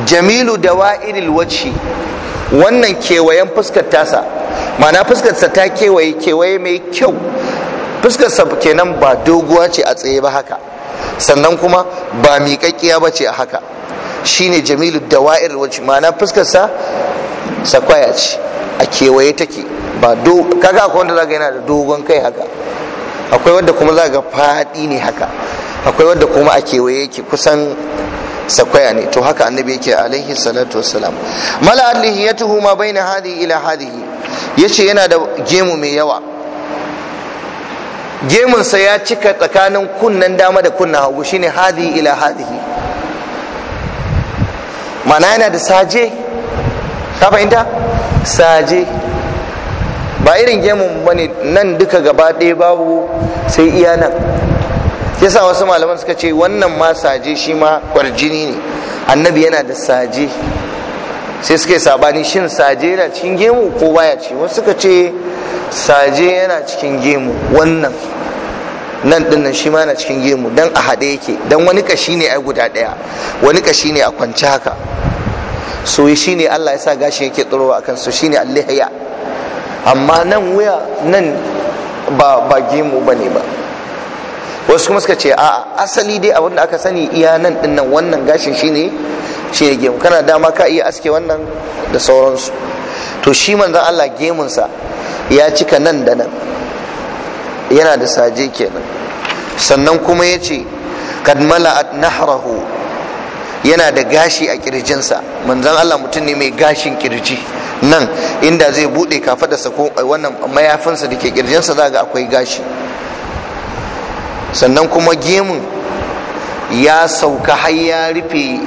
jamilu da wa'iril wajhi wannan kewayen fuskar tasa fuskar sa ta kewaye kewaye mai kyau sa kenan ba doguwa ce a tsaye ba haka sannan kuma ba miƙaƙƙiya ba ce a haka shine jamilu da dawa'ir wacce fuskar sa sakwaya ce a kewaye take ba do kaga akwai wanda zaka yana da dogon kai haka akwai wanda kuma zaka faɗi ne haka akwai wanda kuma a kewaye yake kusan sakwaya ne to haka annabi yake alaihi salatu wassalam mala alihiyatuhu ma baina hadihi ila hadihi yace yana da gemu mai yawa gemun sa ya cika tsakanin kunnan dama da kunnan hagu shine hadihi ila hadihi mana yana da saje ka fahimta saje ba irin gemun bane nan duka gaba ɗaya babu sai iya nan yasa wasu malaman suka ce wannan ma saje shi ma kwarjini ne annabi yana da saje sai suka yi sabani shin saje yana cikin gemu ko baya ce? wasu suka ce saje yana cikin gemu wannan nan dinnan shi ma yana cikin gemu dan a haɗe yake dan wani kashi ne ai guda ɗaya wani kashi ne a kwance haka so shi ne Allah ya sa gashi yake tsirowa akan su ne allihiya amma nan wuya nan ba gemu ba, ne ba. wasu kuma suka ce a'a asali dai abinda aka sani iya nan dinnan wannan gashin shine ne gemu kana dama ka iya aske wannan da sauransu to shi manzan Allah gemunsa ya cika nan da nan yana da saje kenan sannan kuma ya ce kad mala'at nahrahu yana da gashi a kirjinsa manzan Allah mutum ne mai gashin kirji nan inda zai bude da sako wannan mayafinsa da ke kirjinsa za ga akwai gashi sannan kuma gemun ya sauka har ya rufe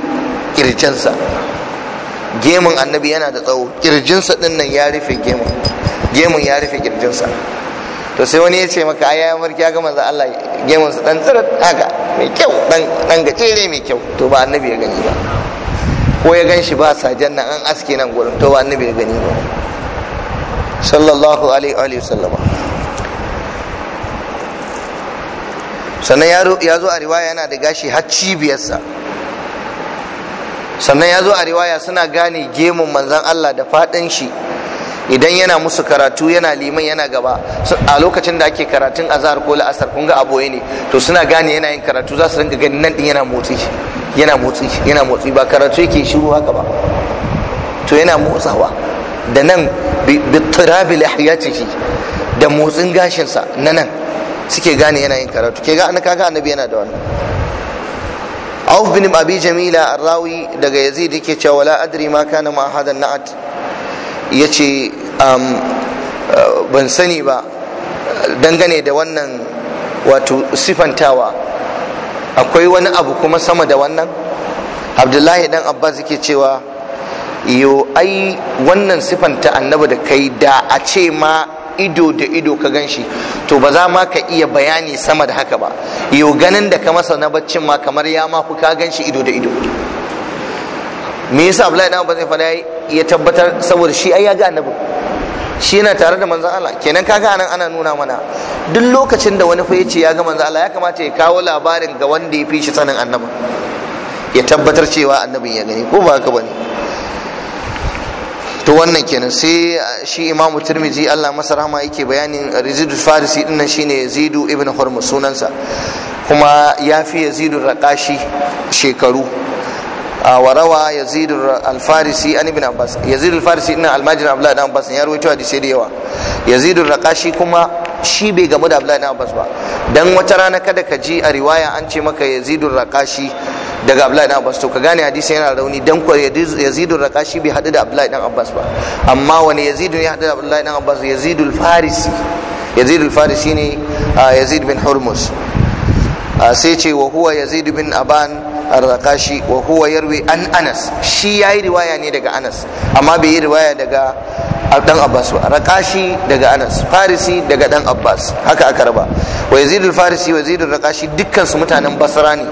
kirjinsa gemun annabi yana da tsawo kirjinsa din nan ya rufe gemun gemun ya rufe kirjinsa to sai wani ya ce maka ai ya marki ya ga manzo Allah gemun sa dan tsirat haka mai kyau dan dan gacere mai kyau to ba annabi ya gani ba ko ya ganshi ba sajan nan an aske nan gurin to ba annabi ya gani ba sallallahu alaihi wa sallam sannan ya zo a riwaya yana da gashi har cibiyarsa sannan ya zo a riwaya suna gane gemun manzan Allah da faɗin shi idan yana musu karatu yana liman yana gaba a lokacin da ake karatun azhar ko la'asar kun ga aboye ne to suna gane yana yin karatu za su rinka ganin nan din yana motsi yana motsi yana motsi ba karatu yake shiru haka ba to yana motsawa da nan bi tirabil ahyatihi da motsin sa na nan suke gane yana yin karatu ke ga an kaga annabi yana da wannan Auf bin Abi Jamila Ar-Rawi daga Yazid yake cewa wala adri ma kana ma hadan na'at yace eh, ban sani ba dangane da wannan wato sifantawa akwai wani abu kuma sama da wannan abdullahi dan abbas yake cewa yo ai wannan sifanta annabi da kai da a ce ma ido da ido ka gan shi to ba za ma ka iya bayani sama da haka ba yau ganin da ka masa na baccin ma kamar ya ma ka gan shi ido da ido me yasa Abdullahi dan Abbas fada ya tabbatar saboda shi ai ya ga annabi shi yana tare da manzon Allah kenan kaga anan ana nuna mana duk lokacin da wani fa yace ya ga manzon Allah ya kamata ya kawo labarin ga wanda ya fi shi sanin annabi ya tabbatar cewa annabin ya gani ko ba haka bane to wannan kenan sai shi imamu turmiji allah masa rahama yake bayanin rizidu farisi dinnan shine yazidu ibn hormuz sunansa kuma ya fi yazidu raƙashi shekaru a warawa yazid al-farisi an ibn abbas yazid al-farisi ina almajin abdullah ibn abbas ya rawaito hadisi da yawa yazid raqashi kuma shi bai gamu da abdullah ibn abbas ba dan wata rana kada ka ji a riwaya an ce maka yazid raqashi daga Abdullahi dan Abbas to ka gane hadisi yana rauni dan ko Yazidul rakashi bai hadu da Abdullahi dan Abbas ba amma wani Yazidun ya hadu da Abdullahi dan Abbas Yazidul Farisi Yazidul Farisi ne Yazid bin Hurmus sai ce wa huwa Yazid bin Aban ar rakashi wa huwa yarwi an anas shi yayi riwaya ne daga anas amma bai yi riwaya daga dan abbas ba rakashi daga anas farisi daga dan abbas haka aka raba wa yazid al-farisi wa yazid ar-raqashi dukkan su mutanen basra ne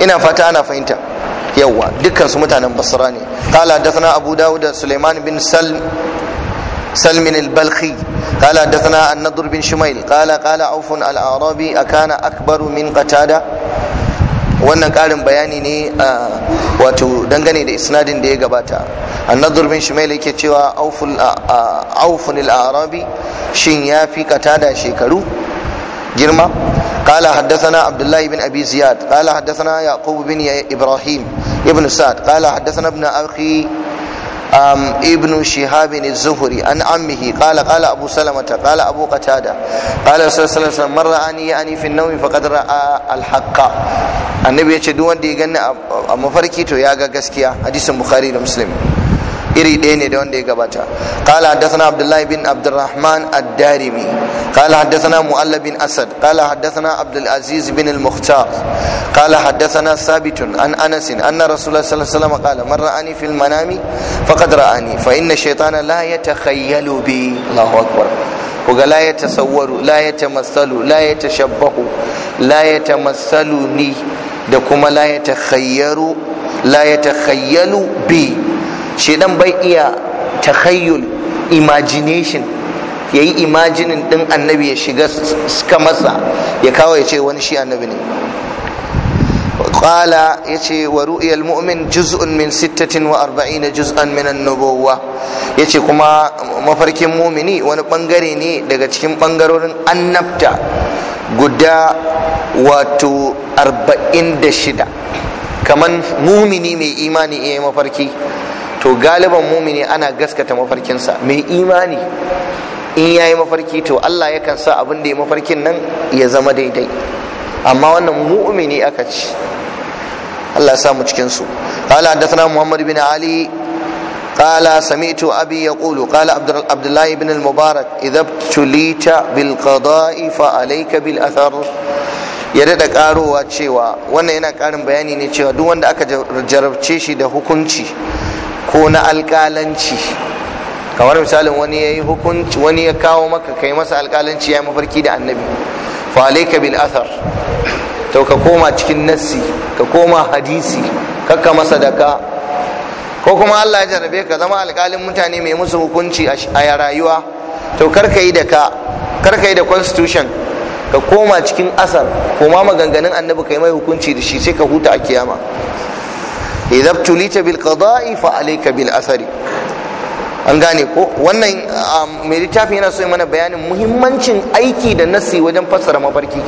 ina fata ana fahimta yawwa dukkan su mutanen basra ne qala hadathana abu dawud sulaiman bin salm سلم البلخي قال حدثنا النضر بن شميل قال قال عوف الأعرابي أكان أكبر من قتادة wannan ƙarin bayani ne wato dangane da isnadin da ya gabata annadur bin shumail yake cewa aufun al-arabi shin ya fi katada shekaru girma قال حدثنا عبد الله بن ابي زياد قال حدثنا يعقوب بن ابراهيم ابن سعد قال حدثنا ابن اخي ابن شهاب الزهري عن عمه قال قال ابو سلمة قال ابو قتادة قال صلى الله عليه وسلم من رآني يعني في النوم فقد راى الحق النبي يقول دون دي ام فركي تو يا غسكيا حديث البخاري ومسلم iri ɗaya ne da wanda ya gabata qala haddathana abdullahi bin abdurrahman ad-darimi qala haddathana mu'alla bin asad kala haddathana abdul aziz bin al-mukhtar qala haddathana sabitun an anas anna rasulullah sallallahu alaihi wasallam qala man ra'ani fil manami faqad ra'ani fa inna shaytana la yatakhayyalu bi Allahu akbar kuga la yatasawwaru la yatamassalu la yatashabbahu la ni da kuma la yatakhayyaru la yatakhayyalu bi Shi dan bai iya takhayyul imagination ya yi imajinin ɗin annabi ya shiga suka masa ya kawo ya ce wani shi annabi ne qala yace wa ru'yal mu'min juz'un min arba'ina juz'an min an Ya yace kuma mafarkin mumini wani bangare ne daga cikin bangarorin annabta guda wato shida? kaman mumini mai imani iya mafarki to galiban mumini ana gaskata mafarkinsa mai imani in ya yi mafarki to Allah yakan sa abin da ya mafarkin nan ya zama daidai amma wannan mu'mini aka ci Allah ya samu cikin su qala hadathana muhammad bin ali qala sami'tu abi yaqulu qala Abdullahi ibn al-mubarak idha tulita bil qada'i fa alayka bil athar ya daɗa ƙarowa cewa wannan yana ƙarin bayani ne cewa duk wanda aka jarabce shi da hukunci ko na alƙalanci kamar misalin wani ya yi hukunci wani ya kawo maka kai masa alƙalanci ya yi mafarki da annabi fa alaika bil athar to ka koma cikin nassi ka koma hadisi kakka masa daka ko kuma Allah ya jarabe ka zama alƙalin mutane mai musu hukunci a rayuwa to karka yi da ka karka yi da constitution ka koma cikin asar koma maganganun annabi kai mai hukunci da shi sai ka huta a kiyama idza tulita bil qada'i fa alayka bil athari an gane ko wannan mai littafin yana so mana bayanin muhimmancin aiki da nasi wajen fassara mafarki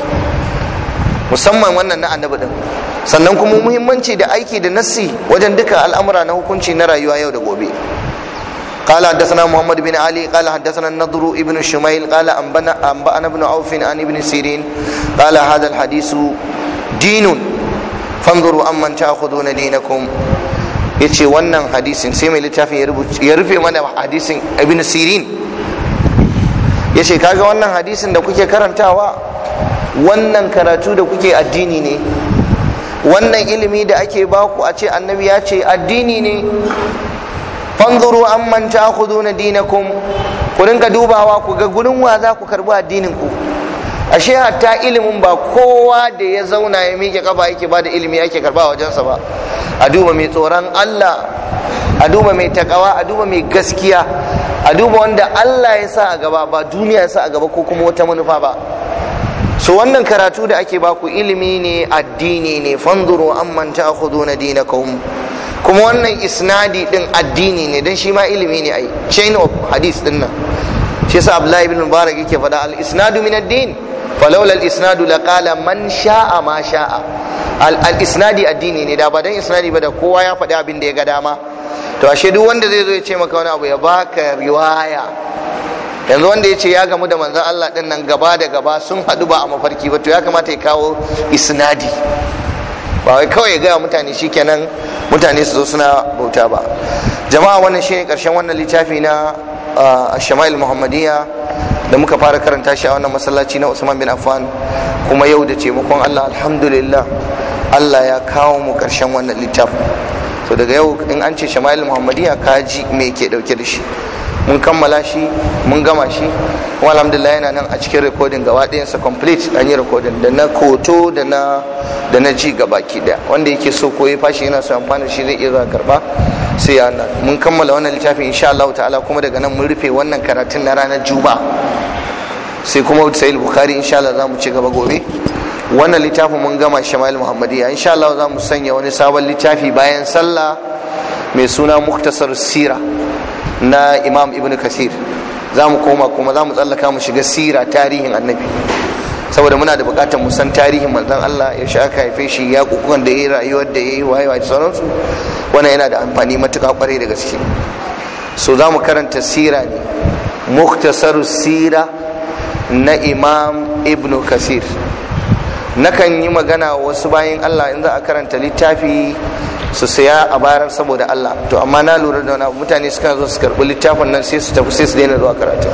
musamman wannan na annabi din sannan kuma muhimmanci da aiki da nasi wajen duka al'amura na hukunci na rayuwa yau da gobe قال حدثنا محمد بن علي قال حدثنا النضر ابن شميل قال أنبأنا ابن عوف عن ابن سيرين قال هذا الحديث دين fanzuru amman ta'khuduna dinakum yace wannan hadisin sai mai littafin ya rufe mana hadisin ibn sirin yace kaga wannan hadisin da kuke karantawa wannan karatu da kuke addini ne wannan ilimi da ake baku a ce annabi ya ce addini ne fanzuru amman ta'khuduna dinakum ku rinka dubawa ku ga gurin wa za ku karbi addinin ku ashe hatta ilimin ba kowa da ya zauna ya miƙe kafa yake ba da ilimi yake karba wajensa ba a duba mai tsoron Allah a duba mai takawa a duba mai gaskiya a duba wanda Allah ya sa a gaba ba duniya ya sa a gaba ko kuma wata manufa ba so wannan karatu da ake baku ilimi ne addini ne fanzuru amman na dinakum kuma wannan isnadi din addini ne dan shi ma ilimi ne ai chain of hadith din nan shi yasa Abdullahi ibn Mubarak yake faɗa al isnadu min ad-din falawla al-isnadu kala man sha'a ma sha'a al-isnadi addini ne da ba dan isnadi ba da kowa ya faɗi abin da ya ga dama to ashe duk wanda zai zo ya ce maka wani abu ya baka riwaya yanzu wanda ya ce ya gamu da manzan Allah din nan gaba da gaba sun haɗu ba a mafarki ba to ya kamata ya kawo isnadi ba wai kawai gaya mutane shikenan mutane su zo suna bauta ba jama'a wannan shine karshen wannan littafi na a shama'il muhammadiyya da muka fara karanta shi a wannan masallaci na usman bin affan kuma yau da taimakon allah alhamdulillah allah ya kawo mu karshen wannan littafin To daga yau in an ce shama'il muhammadiyya kaji me ke dauke da shi mun kammala shi mun gama shi kuma alhamdulillah yana nan a cikin rikodin gaba ɗayansa complete an yi rikodin da na koto da na ji gaba ki ɗaya wanda yake so ko ya fashi yana so amfana shi zai iya karba sai ya nan mun kammala wannan littafin insha Allah ta'ala kuma daga nan mun rufe wannan karatun na ranar juma'a sai kuma sahih bukhari insha Allah za mu ci gaba gobe wannan littafin mun gama shama'il muhammadiya insha Allah za mu sanya wani sabon littafi bayan sallah mai suna muktasar sira na imam ibn kasir za mu koma kuma za mu tsallaka mu shiga sira tarihin annabi saboda muna da bukatar mu san tarihin manzon Allah ya sha aka haife shi ya kukuwan da yayi rayuwar da yayi waye waye sauransu wannan yana da amfani matuka kwarai da gaske so za mu karanta sira ne muktasar sira na imam ibn kasir nakan yi magana wasu bayan Allah in za a karanta littafi su saya a bayar saboda Allah to amma na lura da wani mutane suka zo su karɓi littafin nan sai su tafi sai su daina zuwa karatu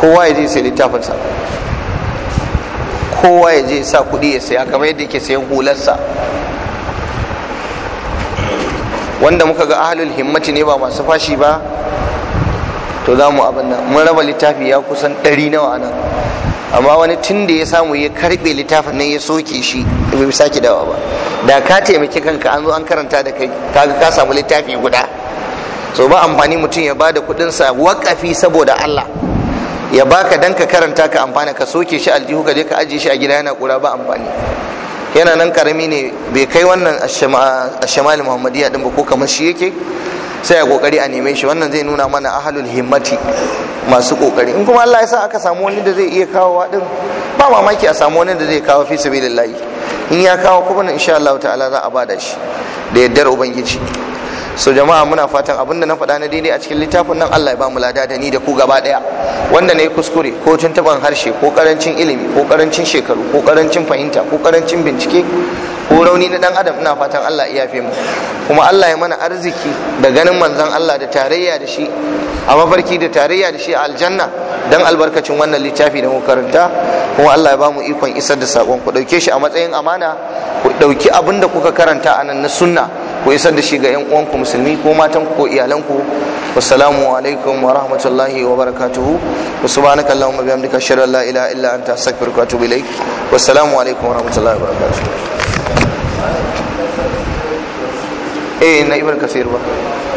kowa ya je sai sa kowa ya je sa kuɗi ya saya kamar yadda yake sayan hularsa wanda muka ga ahalul himmati ne ba masu fashi ba to za mu abin nan mun raba littafi ya kusan ɗari nawa nan amma wani tun da ya samu ya karbe littafin nan ya soke shi bai sake dawa ba da ka taimaki kanka an zo an karanta da kai kaga ka samu littafi guda so ba amfani mutum ya bada kudin sa wakafi saboda Allah ya baka dan ka karanta ka amfana ka soke shi aljihu ka je ka ajiye shi a gida yana kura ba amfani yana nan karami ne bai kai wannan ashamal muhammadiya din ba ko kamar shi yake sai a kokari a neme shi wannan zai nuna mana ahalul himmati masu kokari in kuma Allah ya sa aka samu wani da zai iya kawo din ba mamaki a samu wani da zai kawo fi sabilillahi in ya kawo kuma insha Allah ta'ala za a bada shi da yaddar ubangiji so jama'a muna fatan abinda na faɗa na daidai a cikin littafin nan Allah ya ba mu lada da ni da ku gaba ɗaya wanda na kuskure ko tuntuban harshe ko karancin ilimi ko karancin shekaru ko karancin fahimta ko karancin bincike ko rauni na dan adam ina fatan Allah ya yafe mu kuma Allah ya mana arziki da ganin manzon Allah da tarayya da shi a mafarki da tarayya da shi a aljanna dan albarkacin wannan littafi da muka karanta kuma Allah ya ba mu ikon isar da sakon ku dauke shi a matsayin amana ku dauki abinda kuka karanta anan na sunna ku isar da shi ga yan uwanku musulmi ko matan ko iyalanku wassalamu alaikum wa rahmatullahi wa barakatuhu wa subhanaka allahumma bihamdika ashhadu an la ilaha illa anta astaghfiruka wa atubu ilaik wassalamu alaikum wa rahmatullahi wa barakatuhu eh na ibar kasir ba